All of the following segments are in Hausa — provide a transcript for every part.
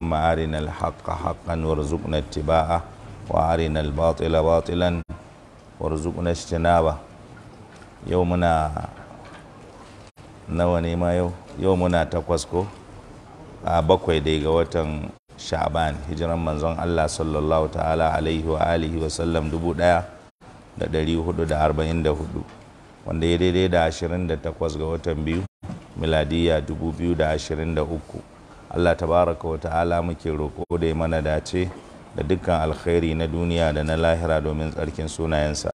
اللهم أرنا الحق حقا وارزقنا اتباعه وأرنا الباطل باطلا وارزقنا اجتنابه يومنا nawa ne ma yau yau muna takwas ko a bakwai dai ga watan sha'ban hijiran manzon Allah sallallahu ta'ala alaihi wa alihi wa sallam dubu da dari wanda ya daidai da ashirin da ga watan biyu miladiya dubu da uku Allah ta tabaraka wa ta'ala muke roƙo da ya mana dace da dukkan alkhairi na duniya da na lahira domin tsarkin sunayensa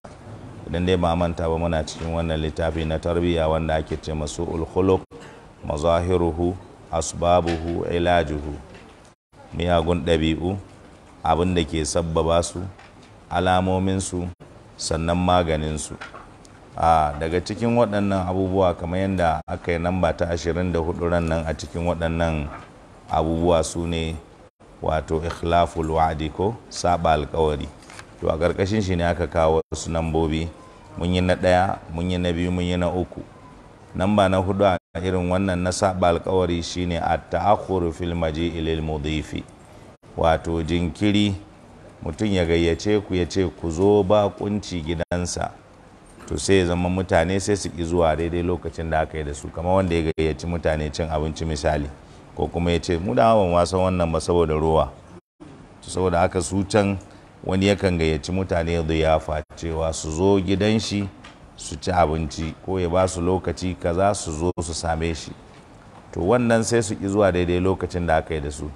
idan dai ba manta ba muna cikin wannan littafi na tarbiyya wanda ake ce masu ulkhuluq mazahiruhu asbabuhu ilajuhu miyagun ɗabi'u abin da ke sabbaba su alamominsu sannan maganinsu a daga cikin waɗannan abubuwa kamar yadda aka yi namba ta 24 ran nan a cikin waɗannan abubuwa su ne wato ikhlaful wa'adi ko saba alkawari to a ƙarƙashin shi ne aka kawo wasu nambobi mun yi na ɗaya mun yi na biyu mun yi na uku namba na hudu a irin wannan na saba alkawari shine at-ta'akhkhuru fil maji'i ilil mudhifi wato jinkiri mutum ya gayyace ku ya ce ku zo bakunci gidansa to sai zama mutane sai su ki zuwa daidai lokacin da aka yi da su kamar wanda ya gayyaci mutane cin abinci misali ko kuma ya ce mu da ba ma wannan ba saboda ruwa saboda haka su can wani yakan gayyaci mutane ziyafa cewa su zo gidan shi su ci abinci ko ya ba su lokaci kaza su zo su same shi to wannan sai su ki zuwa daidai lokacin da aka yi da su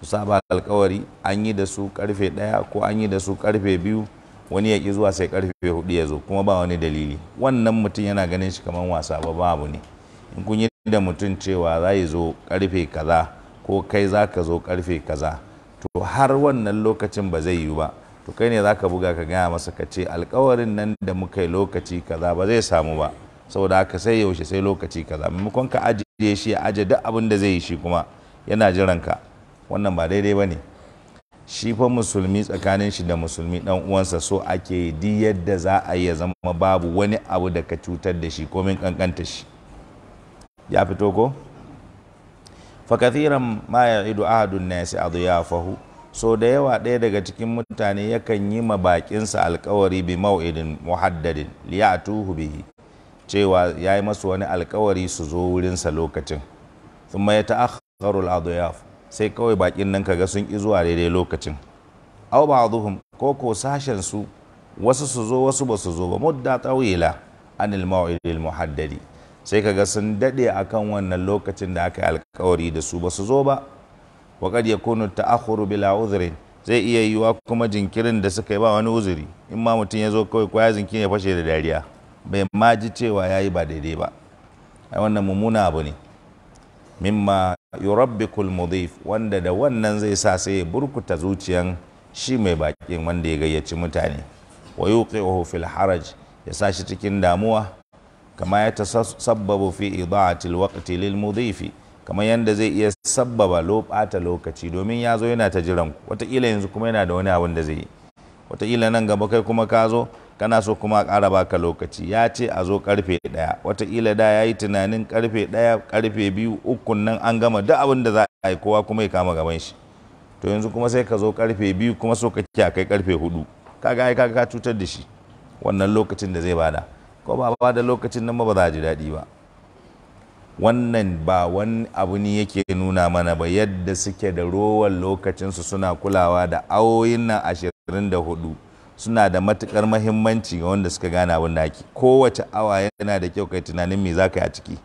su saba alkawari an yi da su karfe ɗaya ko an yi da su karfe biyu wani ya ki zuwa sai karfe hudu ya zo kuma ba wani dalili wannan mutum yana ganin shi kamar wasa ba babu ne in kun yi da mutum cewa za zo karfe kaza ko kai za ka zo karfe kaza to har wannan lokacin ba zai yiwu ba to kai ne za ka buga ka gaya masa ka ce alkawarin nan da muka yi lokaci kaza ba zai samu ba saboda haka sai yaushe sai lokaci kaza maimakon ka ajiye shi ya ajiye duk abin da zai yi shi kuma yana jiran ka wannan ba daidai ba ne shi fa musulmi tsakanin shi da musulmi dan uwansa so ake yi duk yadda za a yi ya zama babu wani abu da ka cutar da shi komin kankanta shi ya fito ko fa kathiran ma ya'idu ahadun nasi adiyafahu so da yawa ɗaya daga cikin mutane yakan yi ma baƙinsa alkawari bi mau'idin muhaddadin liyatuhu bihi cewa yayi masu wani alkawari su zo wurinsa lokacin thumma ya ta'akhkharu al-adiyaf sai kawai bakin nan kaga sun ki zuwa daidai lokacin aw ba'dhum ko ko sashen su wasu su zo wasu ba su zo ba mudda tawila anil mau'idil muhaddadi sai ka ga sun daɗe akan wannan lokacin da aka yi alkawari da su ba su zo ba wa kad yakunu ta'akhuru bila uzrin zai iya yiwa kuma jinkirin da suka yi ba wani uzuri in ma mutum ya zo kawai ko ya zinkin ya fashe da dariya bai ma ji cewa ya yi ba daidai ba ai wannan mummuna abu ne mimma yurabbikul mudhif wanda da wannan zai sa sai ya burkuta zuciyan shi mai bakin wanda ya gayyaci mutane wa yuqihu fil haraj ya sa shi cikin damuwa kama ya tasabbabu fi idaatil waqti lil mudhifi kama yadda zai iya sabbaba lo lokaci domin ya zo yana ta jiran ku ila yanzu kuma yana da wani abin da zai yi ila nan gaba kai kuma ka zo kana so kuma ƙara baka lokaci ya ce a zo karfe ɗaya ila da ya yi tunanin karfe ɗaya karfe biyu uku nan an gama duk abin da za a yi kowa kuma ya kama gaban shi to yanzu kuma sai ka zo karfe biyu kuma so ka kai karfe hudu kaga ai kaga ka cutar da shi wannan lokacin da zai bada ko ba ba da lokacin nan ba za a ji daɗi ba wannan ba wani abu ne yake nuna mana ba yadda suke da rowar lokacinsu suna kulawa da awoyin nan ashirin da hudu suna da matukar mahimmanci ga wanda suka gane abin da ake kowace awa yana da kyau kai tunanin me za ka yi a ciki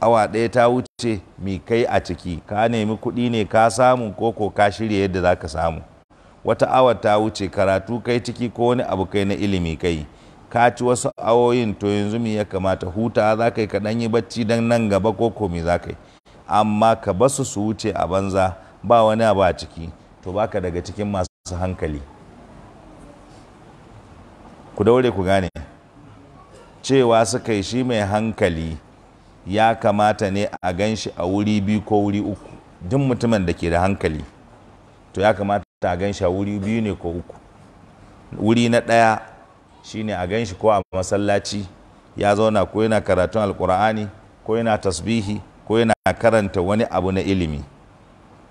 awa ɗaya ta wuce me kai a ciki ka nemi kuɗi ne ka samu ko ko ka shirya yadda za ka samu wata awa ta wuce karatu kai ciki ko wani abu kai na ilimi kai ka ci wasu awoyin to yanzu me ya kamata huta za ka yi ka yi bacci don nan gaba ko komi za ka yi amma ka basu su wuce a banza ba wani abu a ciki to baka daga cikin masu hankali ku daure ku gane cewa suka yi shi mai hankali ya kamata ne a gan shi a wuri biyu ko wuri uku duk mutumin da ke da hankali to ya kamata ta gan shi wuri biyu ne ko uku wuri na ɗaya shine a gan shi ko a masallaci ya zauna ko yana karatun alkur'ani ko yana tasbihi ko yana karanta wani abu na ilimi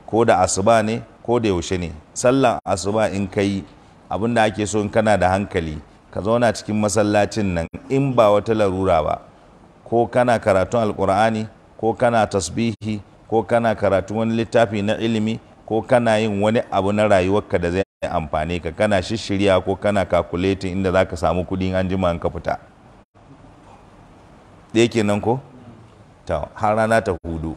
ko da asuba ne ko da yaushe ne sallan asuba in ka yi abin da ake so in kana da hankali ka zauna cikin masallacin nan in ba wata larura ba ko kana karatun alkur'ani ko kana tasbihi ko kana karatun wani littafi na ilimi ko kana yin wani abu na rayuwarka da zai amfane ka kana shishirya ko kana calculating inda za ka samu kudi an jima ka fita ɗaya kenan ko ta har rana ta hudu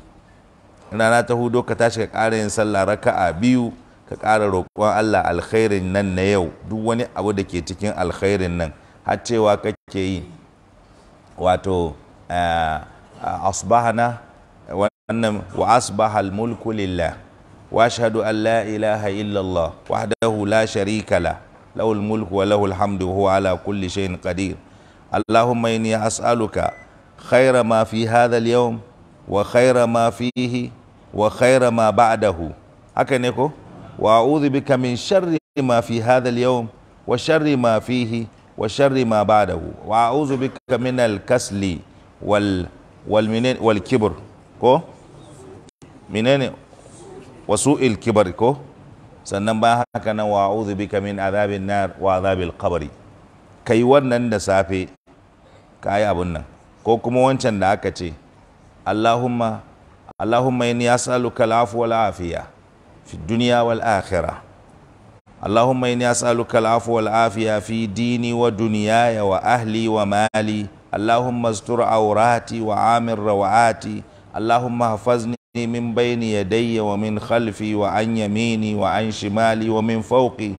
rana ta hudu ka tashi ka ƙara yin sallah a biyu ka ƙara roƙon Allah alkhairin nan na yau duk wani abu da ke cikin alkhairin nan har cewa kake yi wato eh, asbahana wannan wa asbahal mulku واشهد ان لا اله الا الله وحده لا شريك له له الملك وله الحمد وهو على كل شيء قدير اللهم اني اسالك خير ما في هذا اليوم وخير ما فيه وخير ما بعده هكذا واعوذ بك من شر ما في هذا اليوم وشر ما فيه وشر ما بعده واعوذ بك من الكسل وال والمنين والكبر كو منين wasu ilkibar ko sannan ba haka nan wa a'udhu bika min azabin nar wa azabil qabri kai wannan da safe kai abun nan ko kuma wancan da aka ce Allahumma Allahumma inni as'aluka al'afwa wal afiya fi dunya wal akhirah Allahumma inni as'aluka al'afwa wal afiya fi dini wa ya wa ahli wa mali Allahumma astur awrati wa amir rawati Allahumma hafazni ni min bayni ya wa min khalfi wa an yamini wa an shimali wa min fauki.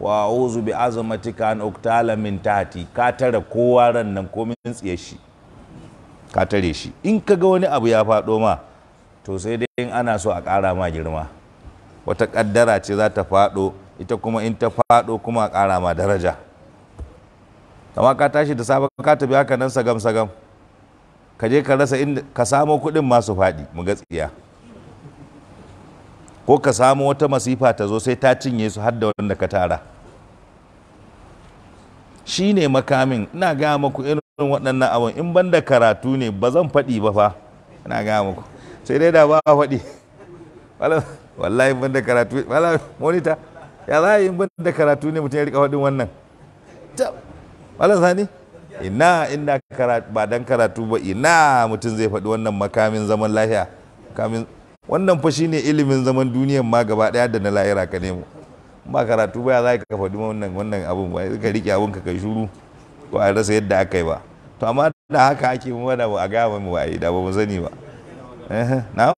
wa a'udhu bi azamatika an uktala min tati ka tare kowa ran nan ko min tsiye shi ka tare shi in kaga wani abu ya fado ma to sai dai in ana so a kara ma girma wata kaddara ce za ta fado ita kuma in ta fado kuma a kara ma daraja amma ka tashi da safe ka tafi haka nan sagam sagam ka je ka rasa inda ka samo kuɗin masu faɗi mu ga tsiya ko ka samo wata masifa ta zo sai ta cinye su har da wanda ka tara shi ne makamin ina gaya maku irin waɗannan abin in ban da karatu ne ba zan faɗi ba fa ina gaya maku sai dai da ba a faɗi wallahi ban da karatu wallahi monita ya za a yi ban da karatu ne mutum ya riƙa faɗin wannan wala sani ina inda ba dan karatu ba ina mutum zai faɗi wannan makamin zaman lahiya wannan fa shine ilimin zaman duniyan ma gaba daya da na lahira ka nemo ba karatu ba za ka faɗi wannan wannan abun ba ka rike abun ka kai shuru ko a rasa yadda aka yi ba to amma da haka ake da a gaya mu ba da ba mu sani ba na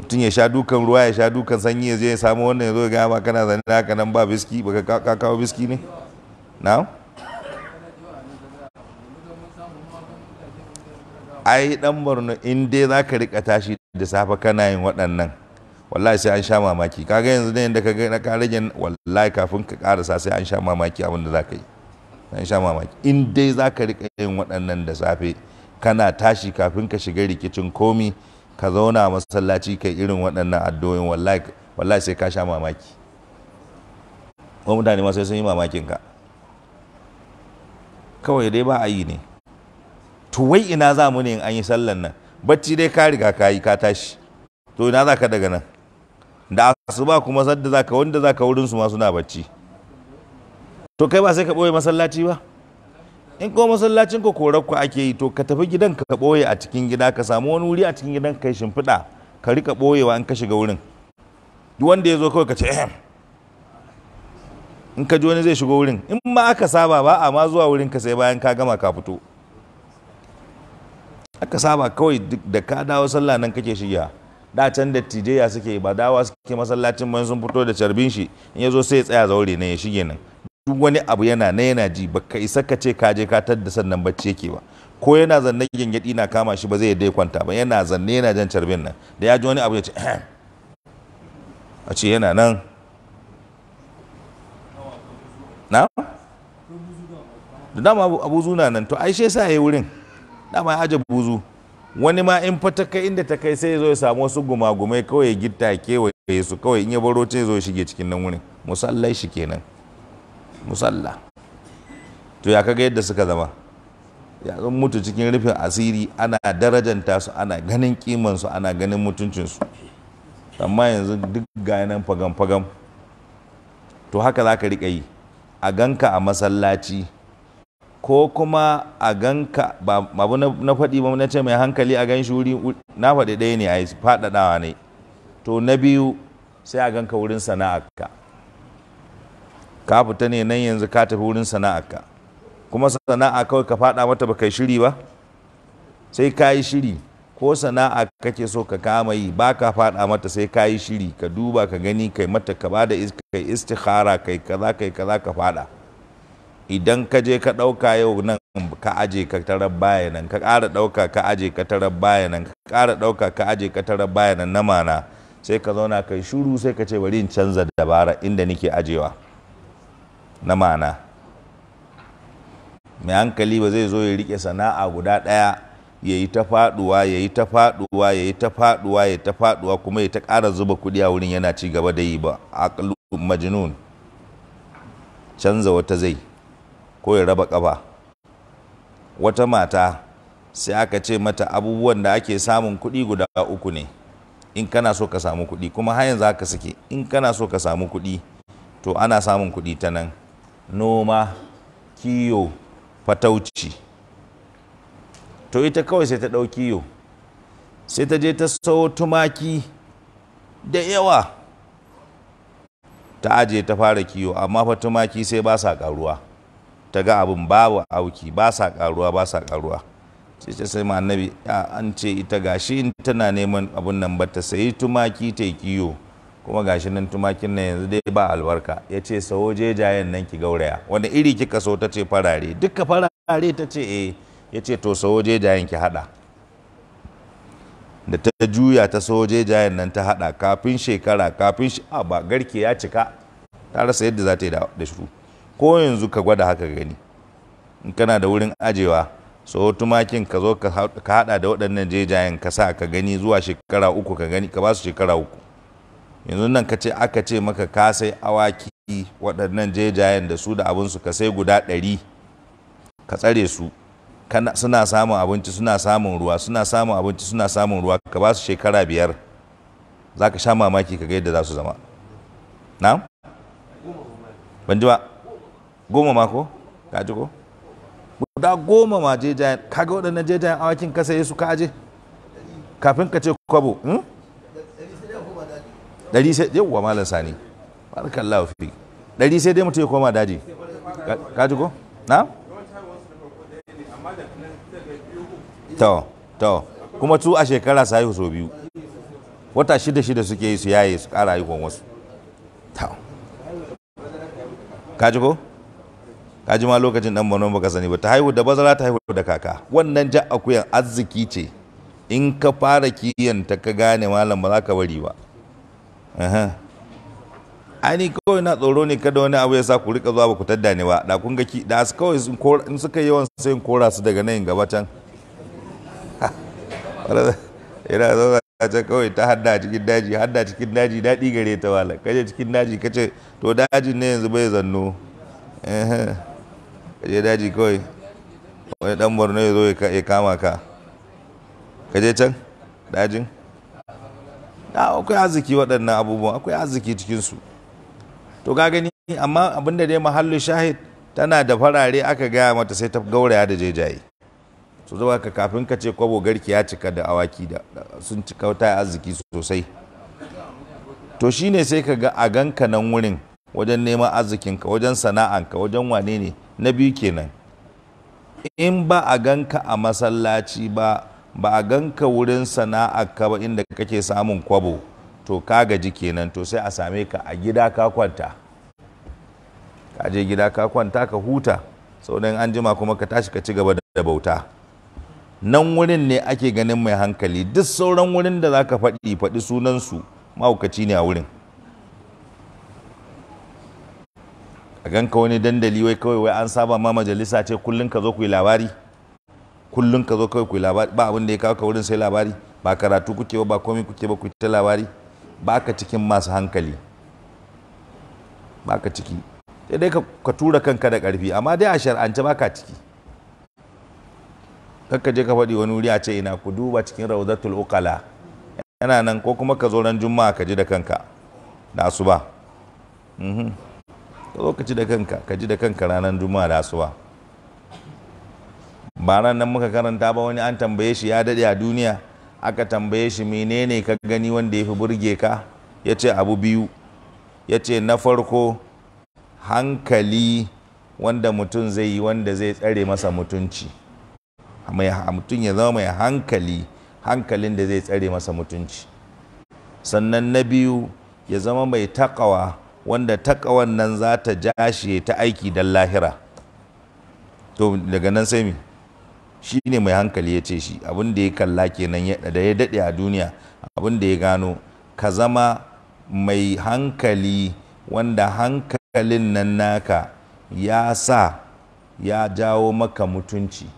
mutum ya sha dukan ruwa ya sha dukan sanyi ya je ya samu wannan ya zo ya gaya ma kana zane haka nan ba biski ba ka kawo biski ne na'am ai dan borno in dai za ka rika tashi da safe kana yin waɗannan wallahi sai an sha mamaki kaga yanzu ne da ka ga ka rage wallahi kafin ka karasa sai an sha mamaki abin da za ka yi an sha mamaki in dai za ka rika yin waɗannan da safe kana tashi kafin ka shiga rikicin komi ka zauna masallaci kai irin waɗannan addu'o'in wallahi wallahi sai ka sha mamaki ko mutane ma sai sun yi mamakin ka kawai dai ba a yi ne to wai ina za mu ne an yi sallan nan bacci dai ka riga ka yi ka tashi to ina za ka daga nan da asuba kuma sadda za ka wanda za ka wurin su ma suna bacci to kai ba sai ka ɓoye masallaci ba in kuma masallacin ka korar ku ake yi to ka tafi gidan ka ɓoye a cikin gida ka samu wani wuri a cikin gidan ka shimfiɗa ka rika ɓoyewa in ka shiga wurin duk wanda ya zo kawai ka ce ehem in ka ji wani zai shigo wurin in ma aka saba ba a ma zuwa wurin ka sai bayan ka gama ka fito aka saba kawai da ka dawo sallah nan kake shiga da can da tijeya suke ba dawa suke masallacin ban sun fito da carbin shi in ya zo sai ya tsaya zaure ne ya shige nan duk wani abu yana na yana ji baka isa ka ce ka je ka tadda sannan bacci yake ba ko yana zanne gyangyaɗi na kama shi ba zai dai kwanta ba yana zanne yana jan carbin nan da ya ji wani abu ya ce a ce yana nan na da dama abu zuna nan to ai sa ya yi wurin dama ya aje buzu wani ma in fata kai inda ta kai sai ya zo ya samu wasu gumagumai kawai ya gitta kewaye su kawai in ya baro ta zo shige cikin nan wurin musallai shi kenan musalla to ya kaga yadda suka zama ya zo mutu cikin rufin asiri ana darajanta su ana ganin kimansu ana ganin mutuncinsu amma yanzu duk ga nan fagan-fagan to haka zaka rika yi a ganka a masallaci ko kuma a ganka ba abu na faɗi ba na ce mai hankali a gan shi wuri na faɗi ɗaya ne a yi faɗaɗawa ne to na biyu sai a ganka wurin sana'arka ka fita ne nan yanzu ka tafi wurin sana'arka kuma sana'a kawai ka faɗa mata ba kai shiri ba sai ka yi shiri ko sana'a kake so ka kama yi ba ka faɗa mata sai ka yi shiri ka duba ka gani kai mata ka ba da kai istikhara kai kaza kai kaza ka faɗa idan ka je ka ɗauka yau nan ka aje ka tarar baya nan ka ƙara ɗauka ka aje ka tarar baya nan ka ƙara ɗauka ka aje ka tarar baya nan na mana sai ka zauna kai shuru sai ka ce bari in canza dabara inda nake ajewa na mana mai hankali ba zai zo ya rike sana'a guda ɗaya ya yi ta faɗuwa ya yi ta faɗuwa ya yi ta faɗuwa ya ta faɗuwa kuma ya ta ƙara zuba kuɗi a wurin yana ci gaba da yi ba a majnun canza wata zai ko ya raba ƙafa wata mata sai aka ce mata abubuwan da ake samun kuɗi guda uku ne in kana so ka samu kuɗi kuma har yanzu haka suke in kana so ka samu kuɗi to ana samun kuɗi ta nan noma kiyo fatauci to ita kawai sai ta ɗau kiyo sai ta je ta sau tumaki da yawa ta ajiye ta fara kiyo amma fa tumaki sai ba sa ƙaruwa ta ga abin babu auki ba sa karuwa ba sa karuwa sai ce sai annabi an ce ita gashi in tana neman abun nan ba ta sayi tumaki ta kiyo kuma gashi nan tumakin nan yanzu dai ba albarka ya ce sawo jejayen nan ki gauraya wani iri kika so ta ce farare duka farare ta ce eh ya ce to sawo jejayen ki hada da ta juya ta sawo jejayen nan ta hada kafin shekara kafin shi ba garke ya cika ta rasa yadda za ta yi da shiru ko yanzu ka gwada haka gani in kana da wurin ajewa so tumakin ka zo ka hada da waɗannan jejayen ka sa ka gani zuwa shekara uku ka gani ka ba su shekara uku yanzu nan ka ce aka ce maka ka sai awaki waɗannan jejayen da su da abinsu ka sai guda ɗari ka tsare su suna samun abinci suna samun ruwa suna samun abinci suna samun ruwa ka ba su shekara biyar za ka sha mamaki ka ga yadda za su zama na? ban ji ba goma ma ko gaji ko guda goma ma jejayen kaga waɗannan jejayen awakin ka saye su ka aje kafin ka ce kwabo hmm? ɗari sai wa malam sani barakallahu fi ɗari sai dai mutum ya koma daji kaji ko na to to kuma tu a shekara su haihu sau biyu wata shida shida suke yi su yaye su ƙara yi wasu to kaji ko ka ji ma lokacin dan Borno baka sani ba ta haihu da bazara ta haihu da kaka wannan ja akuyan arziki ce in ka fara kiyan ta ka gane malam ba za ka bari ba ani kawai na tsoro ne kada wani abu ya sa ku rika zuwa ba ku tadda ne ba da kun ga ki da su kawai in suka yawan sai in kora su daga nan gaba can ina zo a ce kawai ta hadda cikin daji hadda cikin daji daɗi gare ta wala kaje cikin daji kace to dajin ne yanzu bai zanno ka je daji kawai wani dan borno ya zo ya kama ka ka je can dajin akwai arziki waɗannan abubuwan akwai arziki cikinsu to ka gani amma abinda dai mahallu shahid tana da farare aka gaya mata sai ta gauraya da jejaye Su zuwa ka kafin ka ce kwabo garki ya cika da awaki da sun cika ta arziki sosai to shine sai ka ga a ganka nan wurin wajen neman arzikinka wajen sana'anka wajen wane ne na biyu kenan in ba a ganka a masallaci ba ba a ganka wurin sana'a ka ba inda kake samun kwabo to ka gaji kenan to sai a same ka a gida ka kwanta ka je gida ka kwanta ka huta sau dan an jima kuma ka tashi ka ci gaba da bauta nan wurin ne ake ganin mai hankali duk sauran wurin da za ka faɗi faɗi sunansu mahaukaci ne a wurin a ganka wani dandali wai kawai wai an saba ma majalisa ce kullum ka zo ku yi labari kullum ka zo kawai ku yi labari ba abin da ya kawo ka wurin sai labari ba karatu kuke ba ba komai kuke ba ku ta labari ba ka cikin masu hankali ba ka ciki sai dai ka tura kanka da karfi amma dai a shar'ance ba ka ciki kakka je ka faɗi wani wuri a ce ina ku duba cikin rawdatul uqala yana nan ko kuma ka zo ran juma'a ka ji da kanka da asuba mhm ka zo ka ci da kanka ka ji da kanka ranar juma'a da asuba ba ran nan muka karanta ba wani an tambaye shi ya dade a duniya aka tambaye shi menene ka gani wanda ya fi burge ka ya ce abu biyu ya ce na farko hankali wanda mutum zai yi wanda zai tsare masa mutunci mutum ya zama mai hankali hankalin da zai tsare masa mutunci sannan na biyu ya zama mai takawa wanda taƙawan nan za ta ja ta aiki don lahira to daga nan sai mi shi ne mai hankali ya ce shi abin da ya kalla kenan da ya daɗe a duniya abin da ya gano ka zama mai hankali wanda hankalin nan naka ya sa ya jawo maka mutunci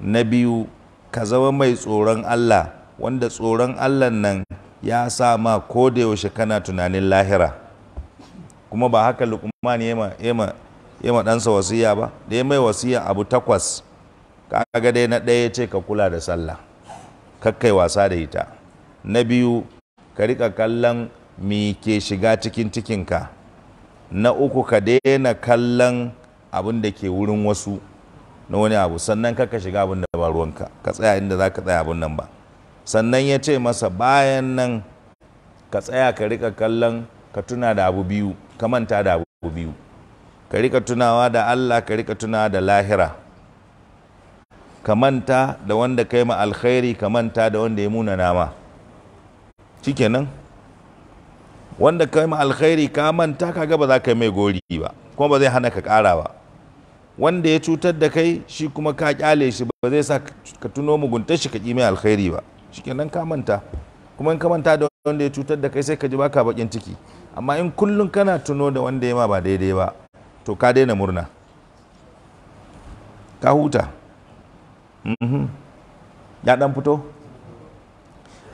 na biyu ka zama mai tsoron Allah wanda tsoron Allah nan ya sa ma ko da yaushe kana tunanin lahira kuma ba haka lukman ya ma ɗansa wasiya ba da ya mai wasiya abu takwas kaga dai na ɗaya ce ka kula da sallah kakkai wasa da ita na biyu ka rika kallon mi ke shiga cikin cikinka na uku ka daina kallon abin da ke wurin wasu na wani abu sannan ka shiga abin da ba ruwanka ka tsaya inda za ka tsaya abin nan ba sannan ya ce masa bayan nan ka tsaya ka rika kallon ka tuna da abu biyu ka manta da abu biyu ka rika tunawa da Allah ka rika tunawa da lahira ka manta da wanda kai ma alkhairi ka manta da wanda ya muna nama shikenan wanda kai ma alkhairi ka manta ga ba za ka mai gori ba kuma ba zai hana ka ƙara ba wanda ya cutar da kai shi kuma ka kyale shi ba zai sa ka tuno muguntar shi ka ƙi mai alkhairi ba shikenan ka manta kuma in ka manta da wanda ya cutar da kai sai ka ji baka bakin ciki amma in kullum kana tuno da wanda ya ma ba daidai ba to ka daina murna ka huta mhm. ya dan fito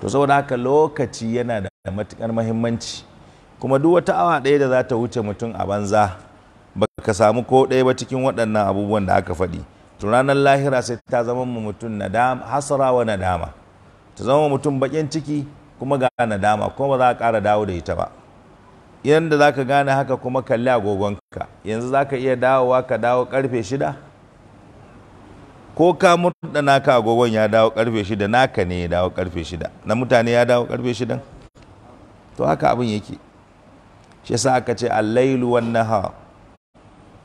to saboda haka lokaci yana da matukar mahimmanci kuma duk wata awa ɗaya da za ta wuce mutum a banza ba ka samu ko ɗaya ba cikin waɗannan abubuwan da aka faɗi to ranar lahira sai ta zama mutum hasara wa nadama ta zama mutum bakin ciki kuma ga nadama kuma ba za a ƙara dawo da ita ba yadda za ka gane haka kuma kalli agogonka yanzu za ka iya dawowa ka dawo karfe shida ko ka murɗa naka agogon ya dawo karfe shida naka ne ya dawo karfe shida na mutane ya dawo karfe shidan to haka abin yake shi yasa aka ce allailu wan nahar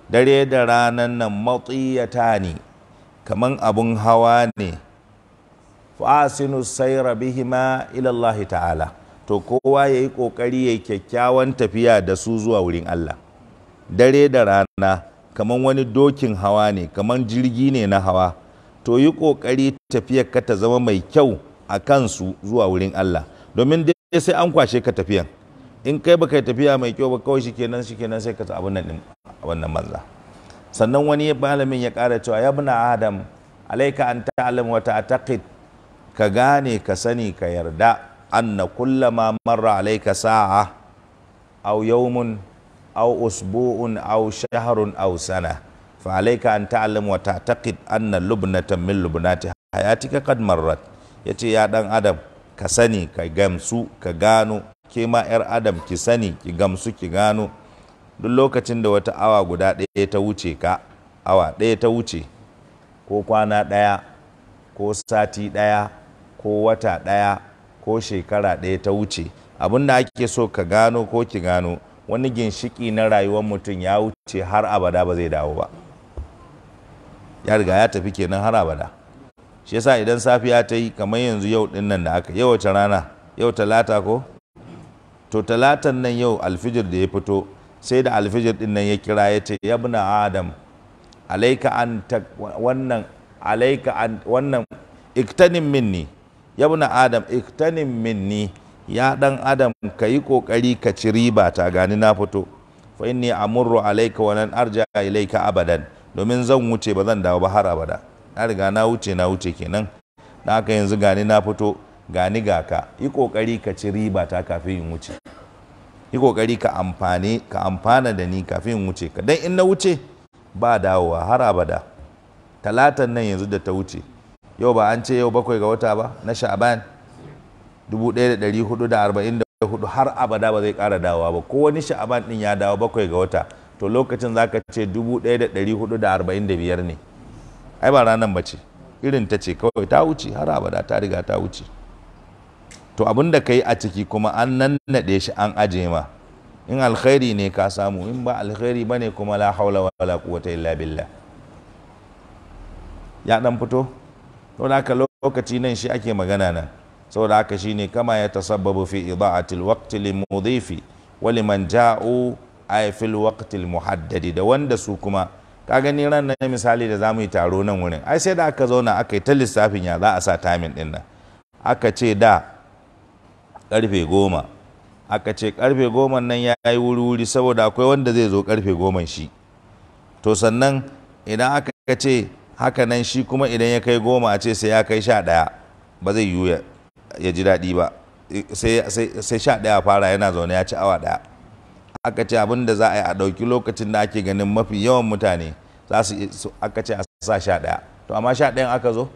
dare da ranan nan matsiyata ne kaman abun hawa ne fasinu sai bihima ila Allah ta'ala to kowa ya yi ƙoƙari ya yi kyakkyawan tafiya da su zuwa wurin Allah dare da rana kamar wani dokin hawa ne kamar jirgi ne na hawa to yi ƙoƙari tafiyar ka ta zama mai kyau a kansu zuwa wurin Allah domin dai sai an kwashe ka tafiyan in kai baka yi tafiya mai kyau ba kawai shikenan shikenan sai ka abin nan wannan manza sannan wani malamin ya ƙara cewa ya bina adam alaika an ta'lam wa ka gane ka sani ka yarda anna kullama marra alayka sa'a aw yawmun aw usbu'un aw shahrun aw sana fa alayka an ta'lam wa ta'taqid anna lubnatan min lubnati hayatika qad marrat yace ya dan adam ka sani ka gamsu ka gano ke yar adam ki sani ki gamsu ki gano duk lokacin da wata awa guda ɗaya ta wuce ka awa ɗaya ta wuce ko kwana ɗaya ko sati ɗaya ko wata ɗaya ko shekara ɗaya ta wuce abin da ake so ka gano ko ki gano wani ginshiki na rayuwar mutum ya wuce har abada ba zai dawo ba ya riga ya tafi kenan har abada shi yasa idan safiya ta yi kamar yanzu yau din nan da aka yau rana yau talata ko to talatan nan yau alfijir da ya fito sai da alfijir din nan ya kira ya ce ya bina adam alaika an wannan alaika an wannan iktanin minni ya na adam iktanim minni ya dan adam ka yi kokari ka ci riba ta gani na fito fa inni amurru alaika wa lan arja ilaika abadan domin zan wuce ba zan dawo ba har abada na riga na wuce na wuce kenan da haka yanzu gani na fito gani ga ka yi kokari ka ci riba ta kafin in wuce yi kokari ka amfane ka amfana da ni kafin in wuce ka dan in na wuce ba dawowa har abada talatan nan yanzu da ta wuce yau ba an ce yau bakwai ga wata ba na sha'aban 1444 har abada ba zai kara dawowa ba ko wani sha'aban din ya dawo bakwai ga wata to lokacin zaka ce 1445 ne ai ba ranar bace irin ta ce kawai ta wuce har abada ta riga ta wuce to abin da ka yi a ciki kuma an nannaɗe shi an aje ma in alkhairi ne ka samu in ba alkhairi ba ne kuma la haula wala quwwata illa billah ya dan fito don haka lokaci nan shi ake magana nan saboda haka shi ne kama ya tasabbabu fi ida'atil waqti mudhifi wali man ja'u ay fil waqtil muhaddadi da wanda su kuma ka gani ran na misali da zamu yi taro nan wurin ai sai da aka zauna aka yi ta lissafin ya za a sa tamin din nan aka ce da karfe goma aka ce karfe goma nan ya yi wuri-wuri saboda akwai wanda zai zo karfe goma shi to sannan idan aka ce haka nan shi kuma idan ya kai goma a ce sai ya kai sha ɗaya ba zai yiwu ya ji daɗi ba sai sha ɗaya fara yana zaune ya ci awa ɗaya aka ce abin da za a yi a ɗauki lokacin da ake ganin mafi yawan mutane za su aka ce a sa sha ɗaya to amma sha ɗayan aka zo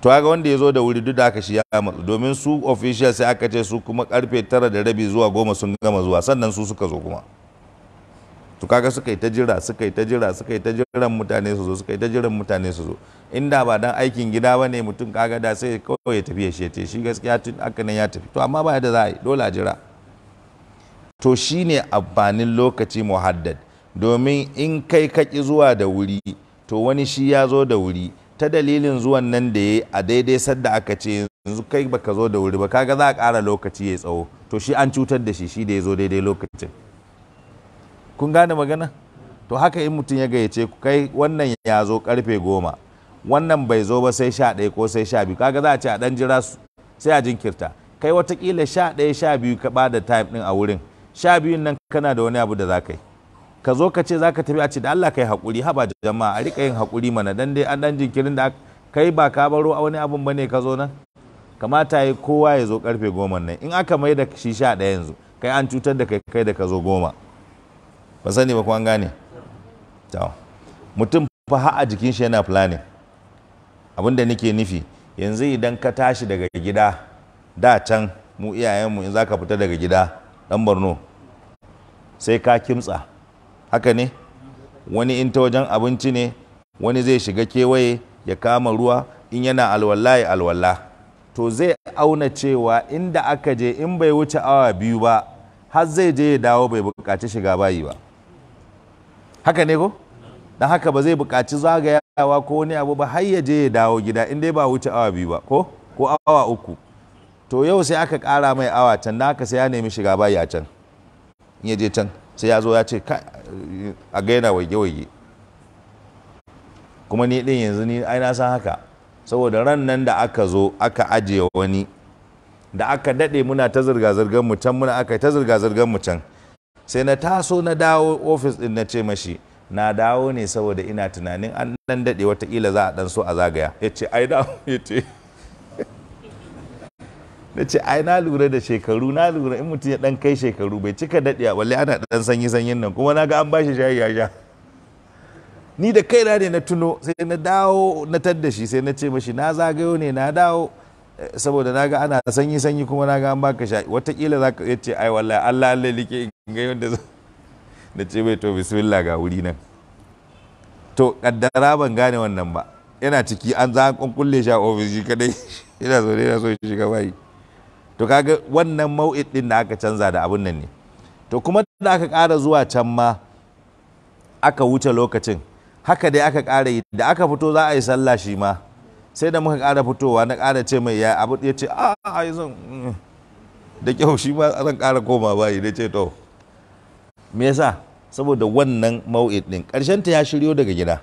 to ga wanda ya zo da wuri duk da aka shi ya matsu domin su official sai aka ce su kuma karfe tara da rabi zuwa goma sun gama zuwa sannan su suka zo kuma to kaga suka yi ta jira suka yi ta jira suka yi ta jiran mutane su zo suka yi ta jiran mutane su zo inda ba dan aikin gida bane mutum kaga da sai kawai ya tafi ya shete shi gaskiya tun aka nan ya tafi to amma ba da za a yi dole a jira to shine amfanin lokaci muhaddad domin in kai kaki zuwa da wuri to wani shi ya zo da wuri ta dalilin zuwan nan da ya a daidai sadda aka ce yanzu kai baka zo da wuri ba kaga za a ƙara lokaci ya tsawo to shi an cutar da shi shi da ya zo daidai lokacin kun gane magana to haka in mutum ya gayyace ku kai wannan ya zo karfe goma wannan bai zo ba sai sha ɗaya ko sai sha biyu kaga za a ce a ɗan jira sai a jinkirta kai watakila sha ɗaya sha biyu ka ba da time ɗin a wurin sha biyun nan kana da wani abu da za ka yi ka zo ka ce za ka tafi a ce da Allah kai haƙuri haba jama'a a riƙa yin haƙuri mana dan dai an ɗan jinkirin da kai ba ka baro a wani abun ba ne ka zo nan kamata ya kowa ya zo karfe goma nan in aka mai da shi sha ɗaya yanzu kai an cutar da kai kai da ka zo goma ba sani ba kuma gane mutum fa ha a jikin shi yana planning abinda nake nufi yanzu idan ka tashi daga gida da can mu iyayenmu in za ka fita daga gida dan borno sai ka kimtsa haka ne wani in ta wajen abinci ne wani zai shiga kewaye ya kama ruwa in yana alwala ya alwala to zai auna cewa inda aka je in bai wuce awa biyu ba har zai je ya dawo bai bukaci shiga bayi ba haka ne ko don haka ba zai buƙaci zagayawa ko wani abu ba har ya je ya dawo gida in dai ba wuce awa biyu ba ko ko awa uku to yau sai aka kara mai awa can na haka sai ya nemi shiga bayi a can in ya je can sai ya zo ya ce a gaina waige-waige kuma ni ɗin yanzu ni ai na san haka saboda ran nan da aka zo aka ajiye wani da aka daɗe muna ta zirga-zirgar mu can muna aka ta zirga-zirgar mu can sai na taso na dawo ofis din na ce mashi na dawo ne saboda ina tunanin an dan dade watakila za a dan so a zagaya ya ce ai da ya ce na ce ai na lura da shekaru na lura in mutum ya dan kai shekaru bai cika dade a wale ana dan sanyi sanyin nan kuma na ga an bashi shayi ya sha ni da kaina ne na tuno sai na dawo na tadda shi sai na ce mashi na zagayo ne na dawo saboda naga ana sanyi sanyi kuma naga an baka sha watakila za ka ce ai wallahi Allah Allah like in ga yadda na ce bai to bismillah ga wuri nan to kaddara ban gane wannan ba yana ciki an za an kulle shi a ofis shi kadai yana zo yana so shiga bayi to kaga wannan mau'id din da aka canza da abun nan ne to kuma da aka ƙara zuwa can ma aka wuce lokacin haka dai aka ƙara yi da aka fito za a yi sallah shi ma sai da muka ƙara fitowa na ƙara ce mai ya abu ya ce a ah, a zan mm. da kyau shi ma zan ƙara koma ba, da ce to me yasa saboda wannan mau'id din ƙarshen ta ya shiryo daga gida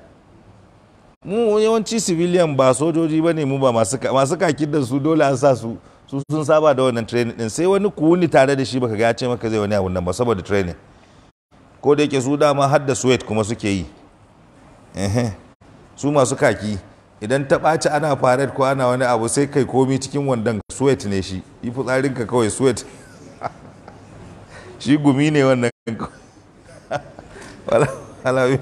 mu yawanci civilian ba sojoji ba ne, mu ba masu masu kakin da su dole an sa su su sun saba da wannan training din sai wani kuni tare da shi baka ga ya ce maka zai wani abu nan ba saboda training ko da yake su dama har da sweat kuma suke yi su masu kaki idan ta ɓaci ana faret ko ana wani abu sai kai komi cikin wandon sweat ne shi yi fitsarinka kawai sweat shi gumi ne wannan alawi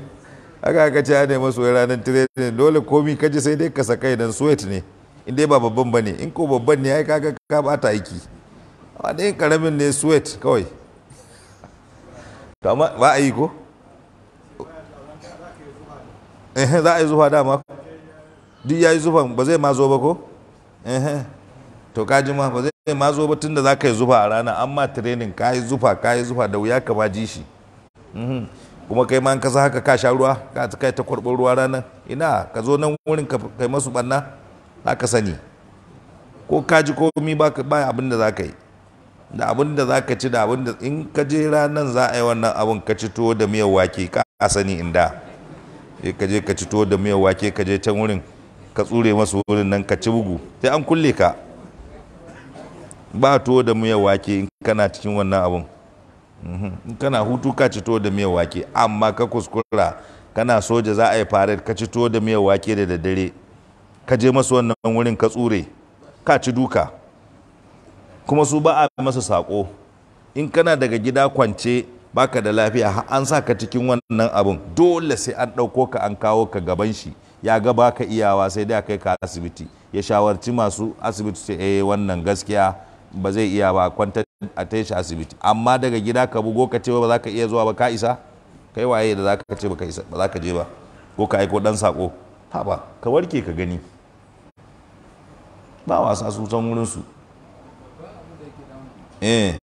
haka aka ce ana masu wai ranar tirenin dole komi kaji sai dai ka saka idan sweat ne in dai ba babban ba ne in ko babban ne ya yi kaga ka bata aiki a ɗayan karamin ne sweat kawai ba a yi ko eh, za a yi zuwa dama duk ya yi zufan ba zai ma zo ba ko to ka ji ma ba zai ma zo ba da za ka yi zufa a rana amma training ka yi zufa ka yi zufa da wuya ka ma ji shi mhm. kuma kai ma ka sa haka ka sha ruwa ka ta kai ta kwarɓar ruwa ranar ina ka zo nan wurin ka kai masu ɓanna za ka sani ko ka ji komi ba abin da za ka yi da abin da za ka ci da abin da in ka je ranar za a yi wannan abin ka ci tuwo da miyar wake ka sani inda eh, ka je ka ci tuwo da miyar wake ka je can wurin ka tsure masu wurin nan ka ci bugu sai an kulle ka ba tuwo da miyar wake in kana cikin wannan abun mhm. in kana hutu ka ci tuwo da miyar wake amma ka kuskura kana soja za a yi faret ka ci tuwo da miyar wake da daddare ka je masu wannan wurin ka tsure ka ci duka kuma su ba a masa sako in kana daga gida kwance baka da lafiya an sa ka cikin wannan abun dole sai an ɗauko ka an kawo ka gaban shi ya ga baka iyawa sai dai kai ka asibiti ya shawarci masu asibiti ce eh wannan gaskiya ba zai iya ba kwanta a ta shi asibiti amma daga gida ka bugo ka ce ba za ka iya zuwa ba ka isa kai waye da za ka ce ba za ka je ba ko ka aiko dan sako Ba ka warke ka gani ba wasa su san wurin su eh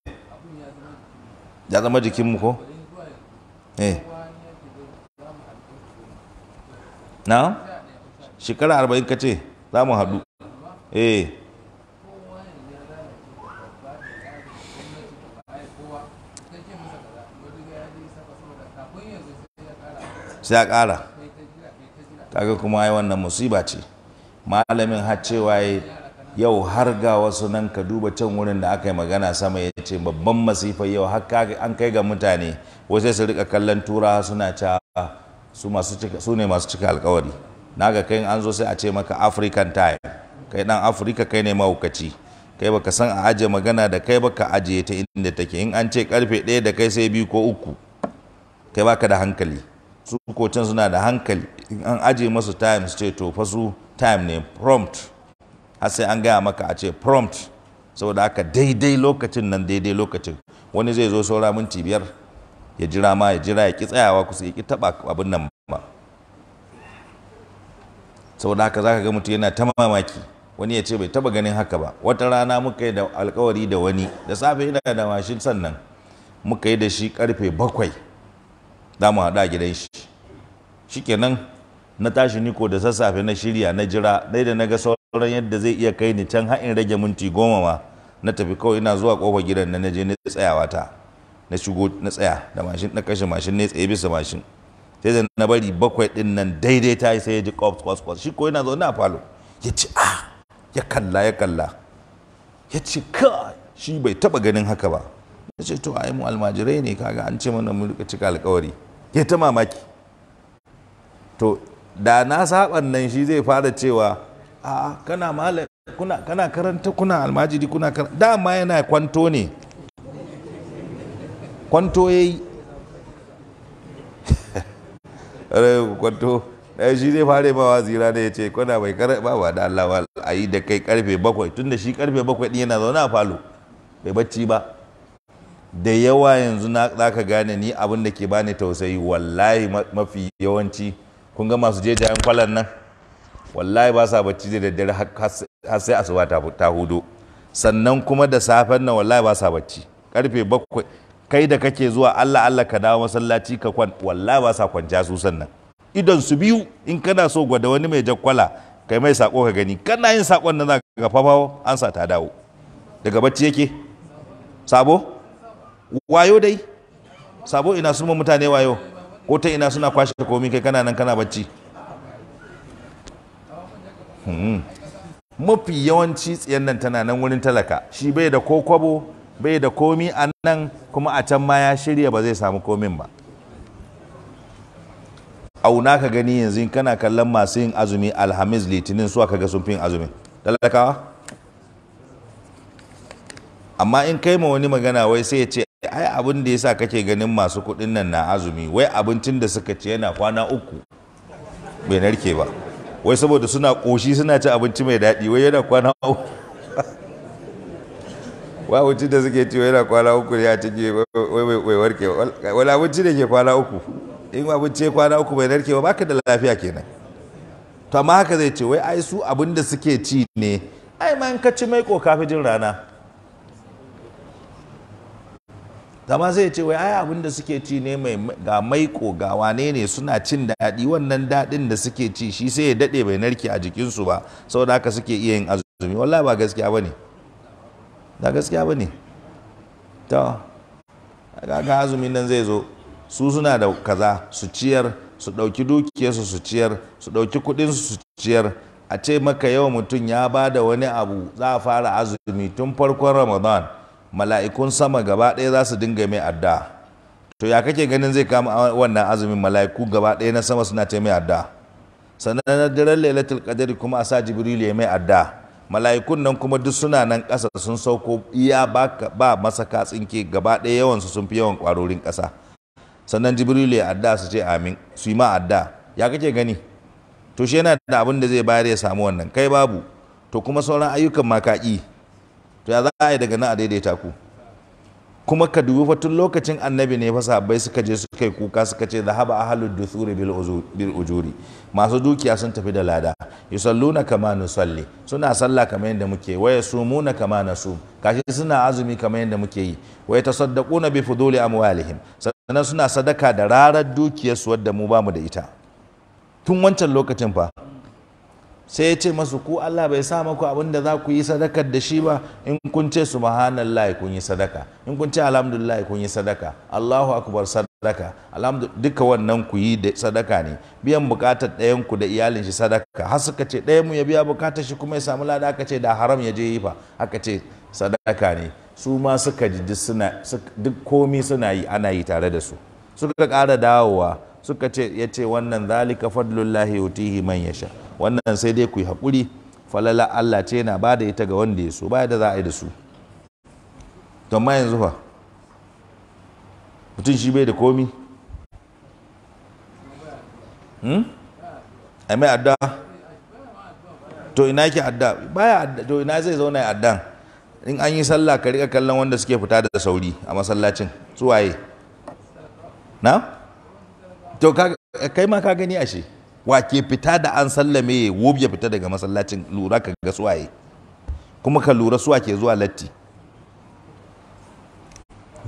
ya zama jikinmu ko eh na shekara arba'in ka ce za mu haɗu eh sai a ƙara kaga kuma ai wannan musiba ce malamin har cewa yau har ga wasu nan ka duba can wurin da aka yi magana sama ya ce babban masifa yau har an kai ga mutane wasu su rika kallon tura suna cewa su masu cika ne masu cika alkawari naga kai an zo sai a ce maka african time kai dan afirka kai ne mahaukaci kai baka san a aje magana da kai baka ajiye ta inda take in an ce karfe ɗaya da kai sai biyu ko uku kai baka da hankali su ko can suna da hankali in an aje masu time su ce to fa su time ne prompt har sai an gaya maka a ce prompt saboda haka daidai lokacin nan daidai lokacin wani zai zo saura minti biyar ya jira ma ya jira ya ki tsayawa kusa ya ki taba abin nan ba saboda haka zaka ga mutum yana ta mamaki wani ya ce bai taba ganin haka ba wata rana muka yi da alkawari da wani da safe ina da mashin sannan muka yi da shi karfe bakwai za mu haɗa gidan shi shikenan na tashi niko da sassafe na shirya na jira dai da na ga sauran yadda zai iya kai ni can ha'in rage minti goma ma na tafi kawai ina zuwa kofar gidan na je ni tsayawa ta na shigo na tsaya da mashin na kashe mashin ne tsaye bisa mashin sai zai na bari bakwai din nan daidai ta yi sai ya ji kwas kwas kwas shi ko yana zaune a falo ya ce a ah! ya kalla ya kalla ya ce ka shi bai taba ganin haka ba ya ce to a mu almajirai ne kaga an ce mana mu rika cika alkawari ya ta mamaki to da na saban nan shi zai fara cewa a kana malam kuna kana karanta kuna almajiri kuna karanta dama yana kwanto ne kwanto ya yi kwanto ɗaya shi zai fara ma wazira ne ya ce kwana bai kar ba ba da Allah a yi da kai karfe bakwai tun da shi karfe bakwai ɗin yana zaune a falo bai bacci ba da yawa yanzu na ka gane ni abin da ke bani tausayi wallahi mafi yawanci kun ga masu je jayan kwalan nan wallahi ba sa bacci da daddare har sai asuba ta hudu sannan kuma da safen nan wallahi ba sa bacci karfe bakwai kai da kake zuwa Allah Allah ka dawo masallaci ka kwan wallahi ba sa kwanja su sannan idan su biyu in kana so gwada wani mai jakkwala kai mai sako ka gani kana yin sakon nan zaka ga fafawo an sa ta dawo daga bacci yake sabo wayo dai sabo ina mu mutane wayo ko ta ina suna kwashe komai kai kana nan kana bacci hmm. mafi yawanci tsiyan nan tana nan wurin talaka shi bai da ko kwabo bai da komi a nan kuma a can ma ya shirya ba zai samu komin ba auna ka gani yanzu kana kallon masu yin azumi alhamis litinin suwa ka ga sun fi yin azumi talakawa amma in kai ma wani magana wai sai ya ce ai abin da yasa kake ganin masu kuɗin nan na azumi wai abincin da suka ci yana kwana uku bai narke ba wai saboda suna ƙoshi suna ci abinci mai daɗi wai yana kwana uku wa wuce da suke ciwo yana kwana uku ne a cikin wai warke wani abinci da ke kwana uku in abinci kwana uku bai narke ba ka da lafiya kenan to amma haka zai ce wai ai su abin da suke ci ne ai ma in ka ci mai koka fi jin rana amma zai ce wai ai abin da suke ci ne mai ga maiko ga wane ne suna cin daɗi wannan daɗin da suke ci shi sai ya daɗe bai narke a jikinsu ba saboda haka suke iya yin azumi wallahi ba gaskiya ba ne da gaskiya ba ne ta ga azumin nan zai zo su suna da kaza su ciyar su ɗauki dukiyarsu su ciyar su ɗauki kuɗinsu su ciyar a ce maka yawa mutum ya ba da wani abu za a fara azumi tun farkon ramadan mala'ikun sama gaba ɗaya za su dinga mai adda to ya kake ganin zai kama wannan azumin mala'iku gaba ɗaya na sama suna ta mai adda sannan na daren lailatul qadari kuma a sa jibril ya mai adda mala'ikun nan kuma duk suna nan ƙasa sun sauko iya ba masa katsinke gaba ɗaya yawansu sun fi yawan ƙwarorin ƙasa sannan jibrilu ya adda su ce amin su yi ma adda ya kake gani to shi yana da abin da zai bayar ya samu wannan kai babu to kuma sauran ayyukan makaki to ya za a yi daga nan a daidaita ku kuma ka dubi fa tun lokacin annabi ne fa sahabbai suka je suka yi kuka suka ce zahaba ahlud dusuri bil ujuri masu dukiya sun tafi da lada yusalluna kama nusalli suna sallah kamar yadda muke sumu na kama su. kashi suna azumi kamar yadda muke yi ta na yatasaddaquna bi fuduli amwalihim sannan suna sadaka da rarar dukiyarsu wadda mu bamu da ita tun wancan lokacin fa sai ya ce masu ku Allah bai sa maku abin da za ku yi sadakar da shi ba in kun ce subhanallah kun yi sadaka in kun ce alhamdulillah kun yi sadaka Allahu akbar sadaka alhamdu duka wannan ku yi da sadaka ne biyan bukatar ɗayan ku da iyalin shi sadaka har suka ce ɗayan mu ya biya bukatar shi kuma ya samu lada aka ce da haram ya je yi fa aka ce sadaka ne su ma suka ji duk komi suna yi ana yi tare da su suka ƙara dawowa suka ce ya ce wannan zalika fadlullahi yutihi man yasha wannan sai dai ku yi haƙuri falala Allah ce yana ba da ita ga wanda ya so ba da za a yi da su don ma yanzu fa mutum shi bai da komi hmm? a mai adda to ina ke adda baya adda to ina zai zauna ya adda in an yi sallah ka riƙa kallon wanda suke fita da sauri a masallacin su waye na to kai ma ka gani ashe wake fita da an sallame wub ya fita daga masallacin lura ka ga suwaye kuma ka lura suwa ke zuwa latti